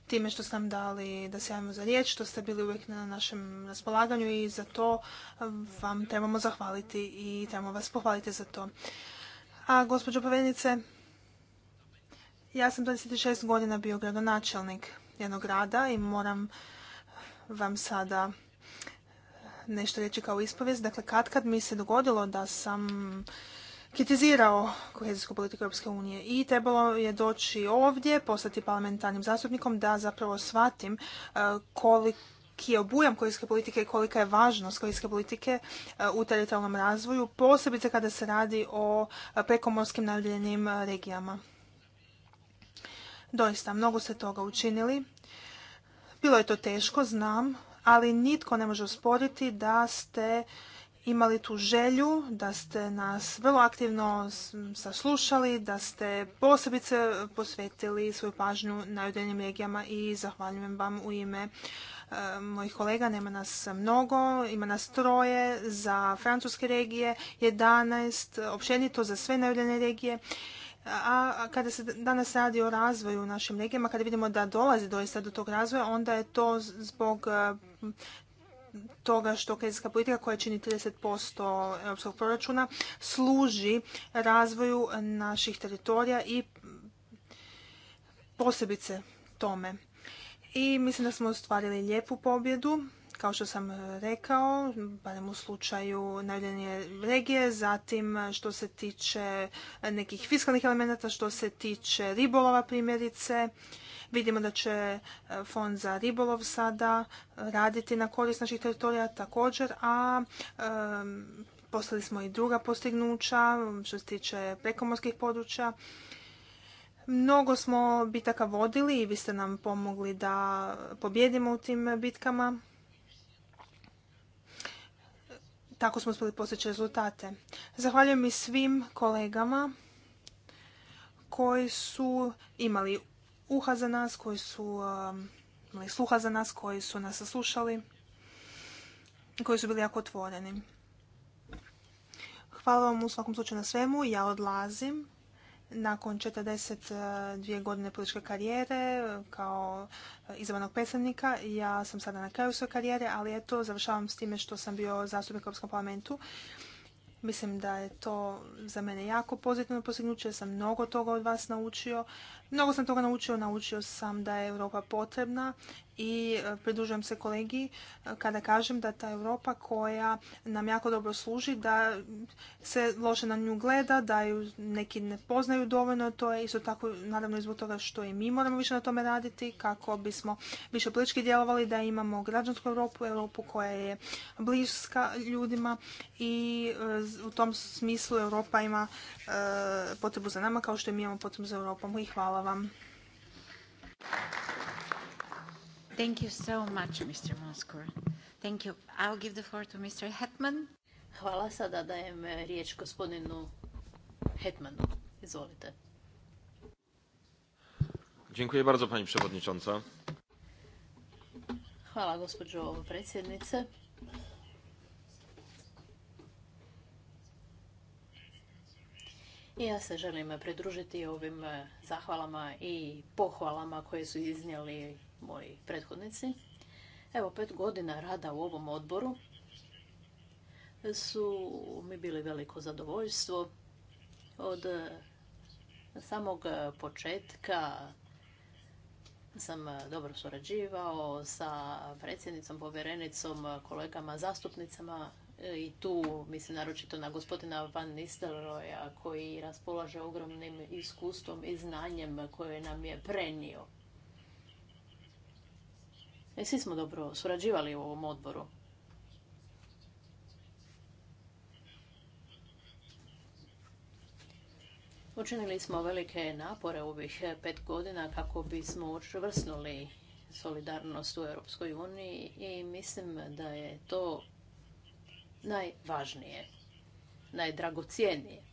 time što ste nam dali da se javimo za riječ, što ste bili uvijek na našem raspolaganju i za to vam trebamo zahvaliti i trebamo vas pohvaliti za to. A gospođo povednice, ja sam 26 godina bio gradonačelnik jednog grada i moram vam sada nešto reći kao ispovijest. Dakle, kad kad mi se dogodilo da sam kritizirao kohezijsku politiku Europske unije i trebalo je doći ovdje, postati parlamentarnim zastupnikom da zapravo shvatim e, koliki je obujam kohezijske politike i kolika je važnost kohezijske politike e, u teritorijalnom razvoju, posebice kada se radi o prekomorskim nadaljenim e, regijama. Doista, mnogo ste toga učinili. Bilo je to teško, znam, ali nitko ne može usporiti da ste imali tu želju, da ste nas vrlo aktivno saslušali, da ste posebice posvetili svoju pažnju na najudeljenim regijama i zahvaljujem vam u ime e, mojih kolega, nema nas mnogo, ima nas troje za francuske regije, 11 općenito za sve najudeljene regije. A kada se danas radi o razvoju u našim regijama, kada vidimo da dolazi doista do tog razvoja, onda je to zbog e, toga što kreditska politika koja čini 30% europskog proračuna služi razvoju naših teritorija i posebice tome. I mislim da smo ostvarili lijepu pobjedu kao što sam e, rekao, barem u slučaju navedene regije, zatim e, što se tiče e, nekih fiskalnih elemenata, što se tiče ribolova primjerice, Vidimo da će fond za ribolov sada raditi na korist naših teritorija također, a postali poslali smo i druga postignuća što se tiče prekomorskih područja. Mnogo smo bitaka vodili i vi ste nam pomogli da pobjedimo u tim bitkama. tako smo uspjeli postići rezultate. Zahvaljujem i svim kolegama koji su imali uha za nas, koji su um, imali sluha za nas, koji su nas saslušali, koji su bili jako otvoreni. Hvala vam u svakom slučaju na svemu. Ja odlazim nakon 42 e, godine političke karijere e, kao izvanog predstavnika. Ja sam sada na kraju svoje karijere, ali eto, završavam s time što sam bio zastupnik u Europskom parlamentu. Mislim da je to za mene jako pozitivno postignuće, sam mnogo toga od vas naučio, Mnogo sam toga naučio, naučio sam da je Europa potrebna i e, pridružujem se kolegi e, kada kažem da ta Europa koja nam jako dobro služi, da se loše na nju gleda, da ju neki ne poznaju dovoljno, to je isto tako naravno i zbog toga što i mi moramo više na tome raditi kako bismo više politički djelovali, da imamo građansku Europu, Europu koja je bliska ljudima i e, u tom smislu Europa ima potrebu za nama kao što i mi imamo potrebu za Europom i hvala Hvala vam. Thank you so much, Mr. Moskor. Thank you. I'll give the floor to Mr. Hetman. Hvala, sada dajem eh, riječ gospodinu Hetmanu. Izvolite. Dziękuję bardzo, pani przewodnicząca. Hvala, gospođo predsjednice. ja se želim pridružiti ovim eh, zahvalama i pohvalama koje su iznijeli moji prethodnici. Evo, pet godina rada u ovom odboru su mi bili veliko zadovoljstvo. Od eh, samog početka sam eh, dobro surađivao sa predsjednicom, povjerenicom, kolegama, zastupnicama i tu mislim naročito na gospodina Van Nistelrooja koji raspolaže ogromnim iskustvom i znanjem koje nam je prenio. I e, svi smo dobro surađivali u ovom odboru. Učinili smo velike napore u ovih pet godina kako bismo učvrsnuli solidarnost u Europskoj uniji i mislim da je to najvažnije, najdragocjenije.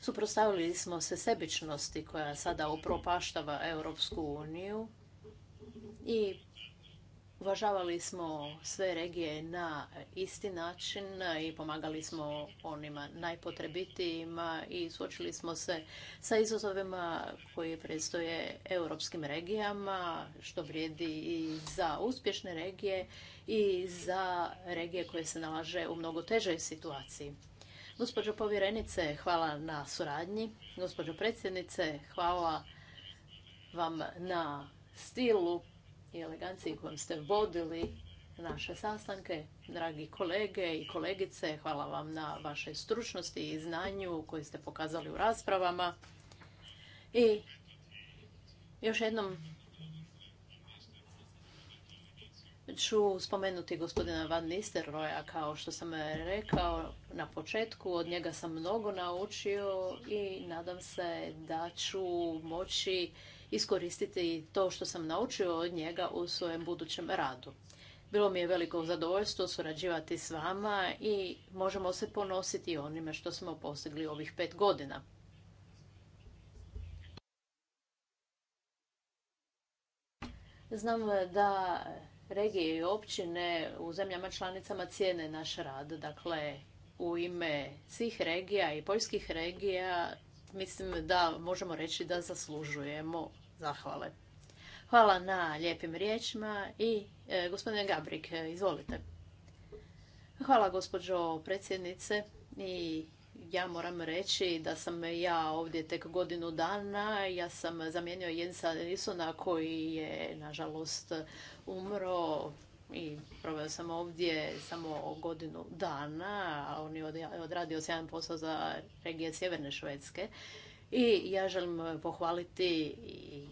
Suprostavili smo se sebičnosti koja sada upropaštava Europsku uniju i Uvažavali smo sve regije na isti način i pomagali smo onima najpotrebitijima i suočili smo se sa izazovima koji predstoje europskim regijama, što vrijedi i za uspješne regije i za regije koje se nalaže u mnogo težoj situaciji. Gospođo povjerenice, hvala na suradnji. Gospođo predsjednice, hvala vam na stilu i eleganciji kojom ste vodili naše sastanke. Dragi kolege i kolegice, hvala vam na vašoj stručnosti i znanju koji ste pokazali u raspravama. I još jednom ću spomenuti gospodina Van Nistelrooya, kao što sam rekao na početku, od njega sam mnogo naučio i nadam se da ću moći iskoristiti to što sam naučio od njega u svojem budućem radu. Bilo mi je veliko zadovoljstvo surađivati s vama i možemo se ponositi onime što smo postigli ovih pet godina. Znam da regije i općine u zemljama članicama cijene naš rad. Dakle, u ime svih regija i poljskih regija mislim da možemo reći da zaslužujemo zahvale. Hvala na lijepim riječima i e, gospodine Gabrik, izvolite. Hvala gospođo predsjednice i ja moram reći da sam ja ovdje tek godinu dana. Ja sam zamijenio Jensa Nisona koji je, nažalost, umro i proveo sam ovdje samo godinu dana. a On je odradio sjajan posao za regije Sjeverne Švedske. I ja želim pohvaliti i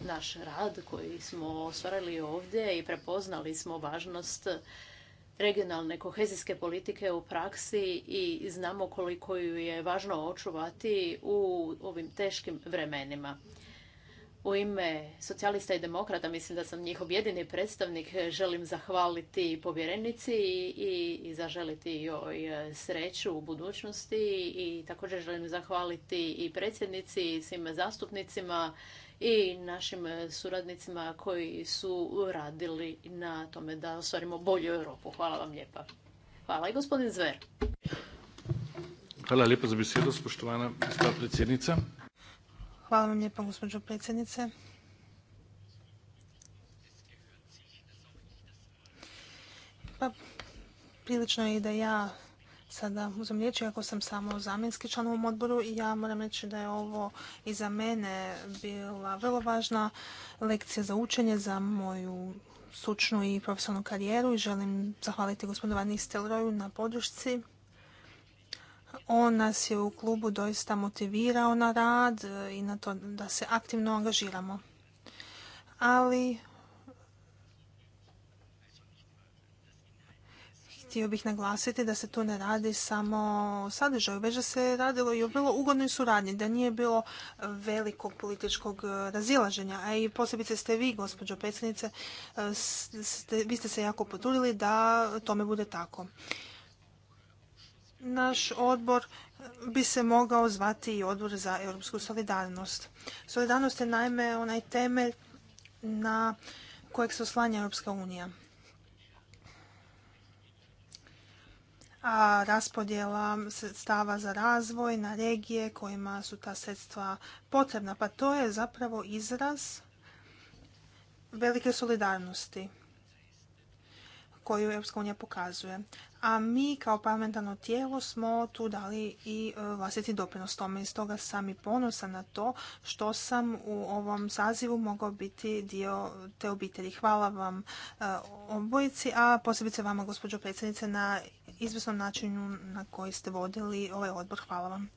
naš rad koji smo ostvarili ovdje i prepoznali smo važnost regionalne kohezijske politike u praksi i znamo koliko ju je važno očuvati u ovim teškim vremenima. U ime socijalista i demokrata, mislim da sam njihov jedini predstavnik, želim zahvaliti povjerenici i zaželiti joj e, sreću u budućnosti i također želim zahvaliti i predsjednici i svim zastupnicima i našim suradnicima koji su radili na tome da ostvarimo bolju Europu. Hvala vam lijepa. Hvala i gospodin Zver. Hvala lijepa za besedo, spoštovana gospa predsjednica. Hvala vam lijepa, gospođo predsjednice. Pa, prilično je i da ja sada uzem riječ, ako sam samo zamjenski član u odboru i ja moram reći da je ovo i za mene bila vrlo važna lekcija za učenje, za moju sučnu i profesionalnu karijeru i želim zahvaliti gospodinu Vanistelroju na podršci. On nas je u klubu doista motivirao na rad i na to da se aktivno angažiramo. Ali htio bih naglasiti da se tu ne radi samo o sadržaju, već da se radilo i o vrlo ugodnoj suradnji, da nije bilo velikog političkog e, razilaženja. A i posebice ste vi, gospođo predsjednice, e, vi ste se jako potrudili da tome bude tako. Naš odbor bi se mogao zvati i odbor za europsku solidarnost. Solidarnost je naime onaj temelj na kojeg se oslanja Europska unija. a raspodjela sredstava za razvoj na regije kojima su ta sredstva potrebna. Pa to je zapravo izraz velike solidarnosti koju EU pokazuje a mi kao parlamentarno tijelo smo tu dali i e, vlastiti doprinos tome i stoga sam i ponosan na to što sam u ovom sazivu mogao biti dio te obitelji. Hvala vam e, obojici, a posebice vama gospođo predsjednice na izvjesnom načinu na koji ste vodili ovaj odbor. Hvala vam.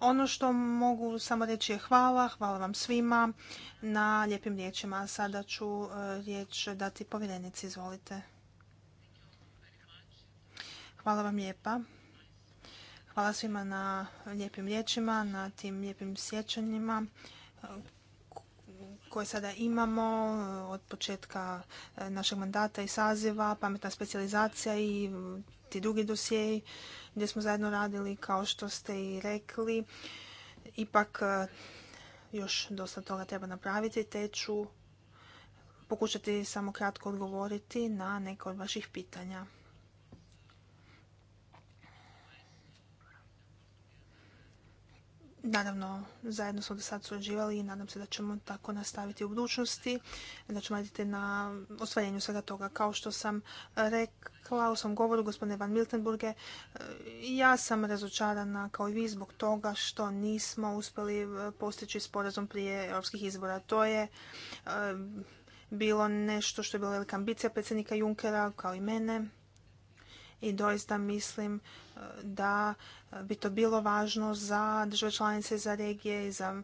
Ono što mogu samo reći je hvala, hvala vam svima na lijepim riječima. Sada ću e, riječ dati povjerenici, izvolite. Hvala vam lijepa. Hvala svima na lijepim riječima, na tim lijepim sjećanjima eh, koje sada imamo eh, od početka eh, našeg mandata i saziva, pametna specijalizacija i mm, ti drugi dosjeji gdje smo zajedno radili, kao što ste i rekli. Ipak još dosta toga treba napraviti, te ću pokušati samo kratko odgovoriti na neka od vaših pitanja. Naravno, zajedno smo do sad surađivali i nadam se da ćemo tako nastaviti u budućnosti, da ćemo raditi na osvajanju svega toga. Kao što sam e, rekla u svom govoru, gospodine Van Miltenburge, e, ja sam razočarana kao i vi zbog toga što nismo uspjeli e, postići sporazum prije europskih izbora. To je bilo nešto što je bila velika ambicija predsjednika Junkera kao i mene i doista mislim e, da bi to bilo važno za države članice, za regije e, i za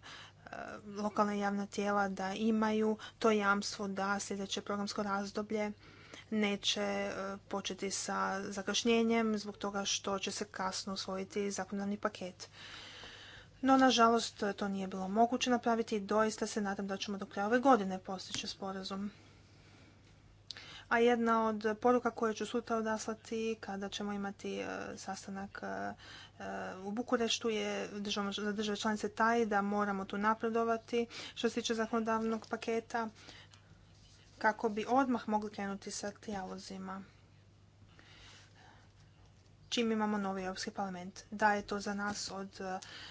lokalna javna tijela da imaju to jamstvo da sljedeće programsko razdoblje neće e, početi sa zakašnjenjem zbog toga što će se kasno usvojiti zakonodavni paket. No, nažalost, to nije bilo moguće napraviti i doista se nadam da ćemo do kraja ove godine postići sporazum. A jedna od poruka koje ću sutra odaslati kada ćemo imati e, sastanak e, e, u Bukureštu je za države članice taj da moramo tu napredovati što se tiče zakonodavnog paketa kako bi odmah mogli krenuti sa trijalozima čim imamo novi Europski parlament. Da je to za nas od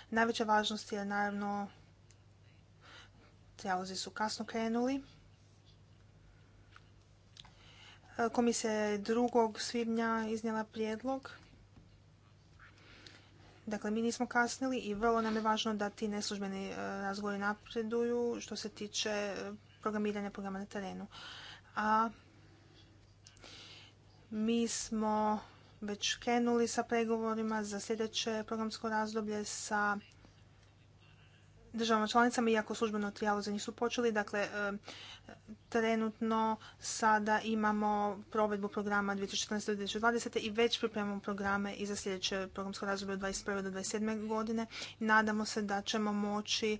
najveće važnosti jer naravno trijalozi su kasno krenuli Komisija je 2. svibnja iznijela prijedlog. Dakle, mi nismo kasnili i vrlo nam je važno da ti neslužbeni e, razgovori napreduju što se tiče e, programiranja programa na terenu. A mi smo već krenuli sa pregovorima za sljedeće programsko razdoblje sa državama članicama, iako službeno trijaloze nisu počeli. Dakle, e, trenutno sada imamo provedbu programa 2014-2020 i već pripremamo programe i za sljedeće programsko razdoblje od 2021. do 2027. godine. Nadamo se da ćemo moći e,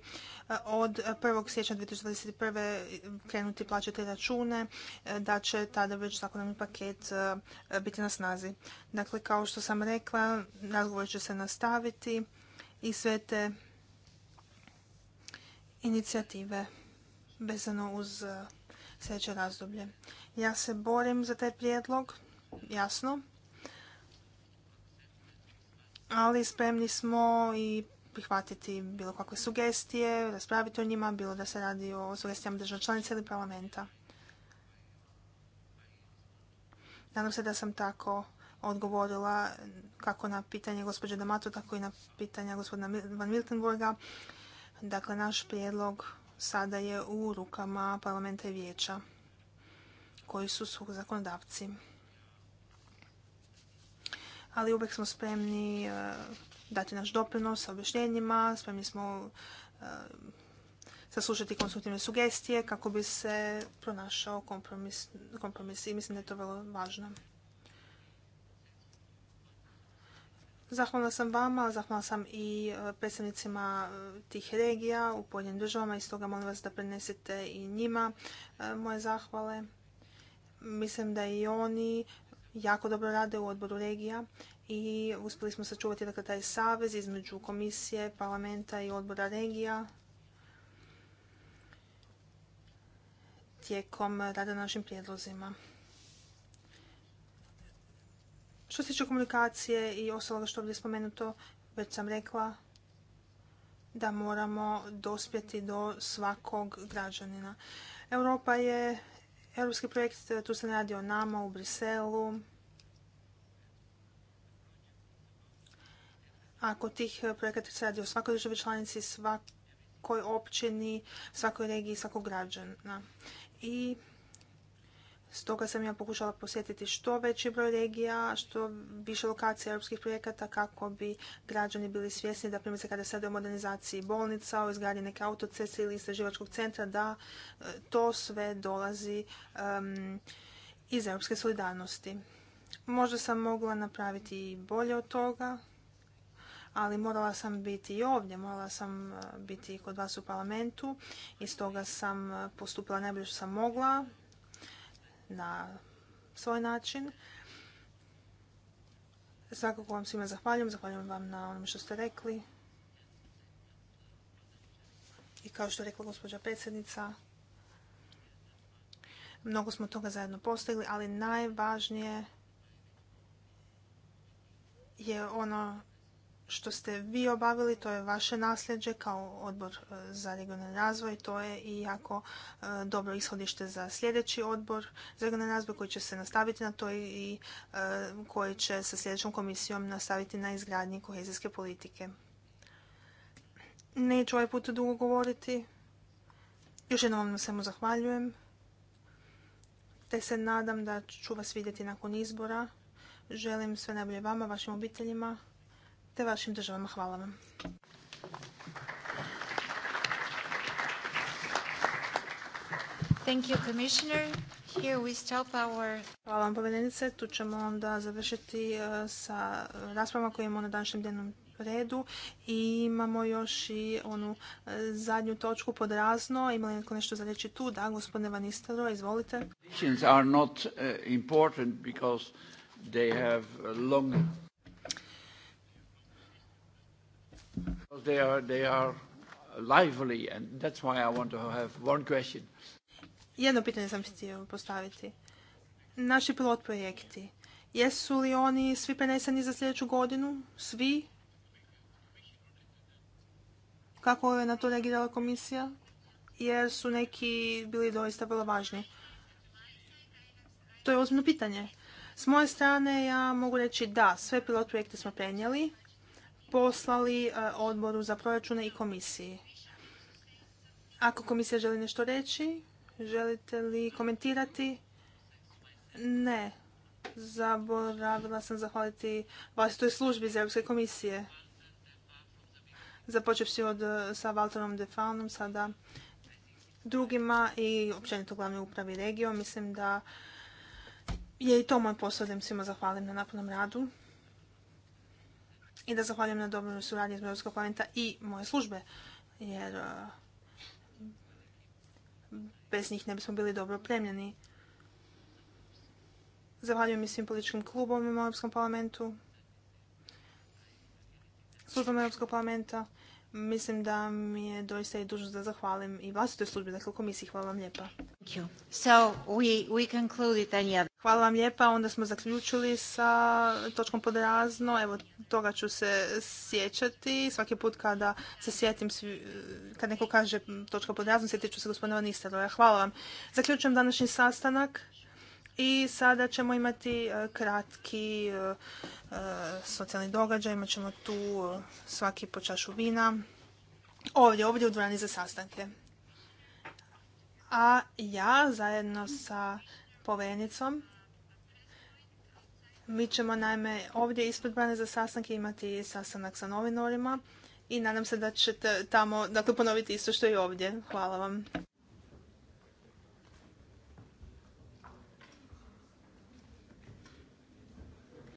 od 1. siječnja 2021. krenuti plaćati račune, e, da će tada već zakonodavni paket biti na snazi. Dakle, kao što sam rekla, razgovor će se nastaviti i sve te inicijative vezano uz e, sljedeće razdoblje. Ja se borim za taj prijedlog, jasno, ali spremni smo i prihvatiti bilo kakve sugestije, raspraviti o njima, bilo da se radi o sugestijama država članica ili parlamenta. Nadam se da sam tako odgovorila kako na pitanje gospođe Damato, tako i na pitanja gospodina Van Miltenburga. Dakle, naš prijedlog sada je u rukama parlamenta i vijeća koji su su zakonodavci. Ali uvijek smo spremni eh, dati naš doprinos sa objašnjenjima, spremni smo eh, saslušati konstruktivne sugestije kako bi se pronašao kompromis i mislim da je to vrlo važno. Zahvala sam vama, zahvala sam i e, predstavnicima e, tih regija u pojedinim državama i stoga molim vas da prenesete i njima e, moje zahvale. Mislim da i oni jako dobro rade u odboru regija i uspjeli smo sačuvati dakle, taj savez između komisije, parlamenta i odbora regija tijekom rada na našim prijedlozima. Što se tiče komunikacije i ostaloga što ovdje je spomenuto, već sam rekla da moramo dospjeti do svakog građanina. Europa je europski projekt, tu se ne radi o nama u Briselu. Ako tih projekata se radi o svakoj državi članici, svakoj općini, svakoj regiji, svakog građana. I Stoga sam ja pokušala posjetiti što veći broj regija, što više lokacija europskih projekata kako bi građani bili svjesni da primjerice kada se u o modernizaciji bolnica, o izgradnji neke autoceste ili istraživačkog centra da e, to sve dolazi iz europske solidarnosti. Možda sam mogla napraviti i bolje od toga, ali morala sam biti i ovdje, morala sam e, biti kod vas u parlamentu i stoga sam e, postupila najbolje što sam mogla na svoj način. Svakako vam svima zahvaljujem. Zahvaljujem vam na onome što ste rekli. I kao što je rekla gospođa predsjednica, mnogo smo toga zajedno postigli, ali najvažnije je ono što ste vi obavili, to je vaše nasljeđe kao odbor e, za regionalni razvoj, to je i jako e, dobro ishodište za sljedeći odbor za regionalni razvoj koji će se nastaviti na to i e, koji će sa sljedećom komisijom nastaviti na izgradnji kohezijske politike. Neću ovaj put dugo govoriti. Još jednom vam svemu zahvaljujem. Te se nadam da ću vas vidjeti nakon izbora. Želim sve najbolje vama, vašim obiteljima te vašim državama. Hvala vam. Thank you, Commissioner. Here we stop our... Hvala vam, povedenice. Tu ćemo onda završiti e, sa raspravama koje imamo na današnjem dnevnom redu. I imamo još i onu e, zadnju točku pod razno. Ima li neko nešto za reći tu? Da, gospodine Istaro, izvolite. Are not e, important because they have long They are, they are lively and that's why I want to have one question. Jedno pitanje sam htio postaviti. Naši pilot projekti, jesu li oni svi preneseni za sljedeću godinu? Svi? Kako je na to reagirala komisija? Jer su neki bili doista vrlo važni. To je ozbiljno pitanje. S moje strane ja mogu reći da, sve pilot projekte smo prenijeli poslali e, odboru za proračune i komisiji. Ako komisija želi nešto reći, želite li komentirati? Ne. Zaboravila sam zahvaliti vlastitoj službi za Europske komisije. Započevši od, e, sa Valterom Defanom, sada drugima i općenito glavnoj upravi regio. Mislim da je i to moj posao da im svima zahvalim na napornom radu i da zahvaljujem na dobroj suradnji iz Europskog parlamenta i moje službe, jer e, bez njih ne bismo bili dobro opremljeni. Zahvaljujem i svim političkim klubom u Europskom parlamentu, službama Europskog parlamenta mislim da mi je doista i dužnost da zahvalim i vlastitoj službi, dakle komisiji. Hvala vam lijepa. Hvala vam lijepa, onda smo zaključili sa točkom pod Evo, toga ću se sjećati. Svaki put kada se sjetim, kad neko kaže točka pod razno, sjetit ću se gospodina Nistaroja. Hvala vam. Zaključujem današnji sastanak. I sada ćemo imati e, kratki e, e, socijalni događaj, imat ćemo tu svaki po čašu vina. Ovdje, ovdje u dvorani za sastanke. A ja zajedno sa povenicom mi ćemo naime ovdje ispred brane za sastanke imati sastanak sa novinarima i nadam se da ćete tamo dakle, ponoviti isto što i ovdje. Hvala vam.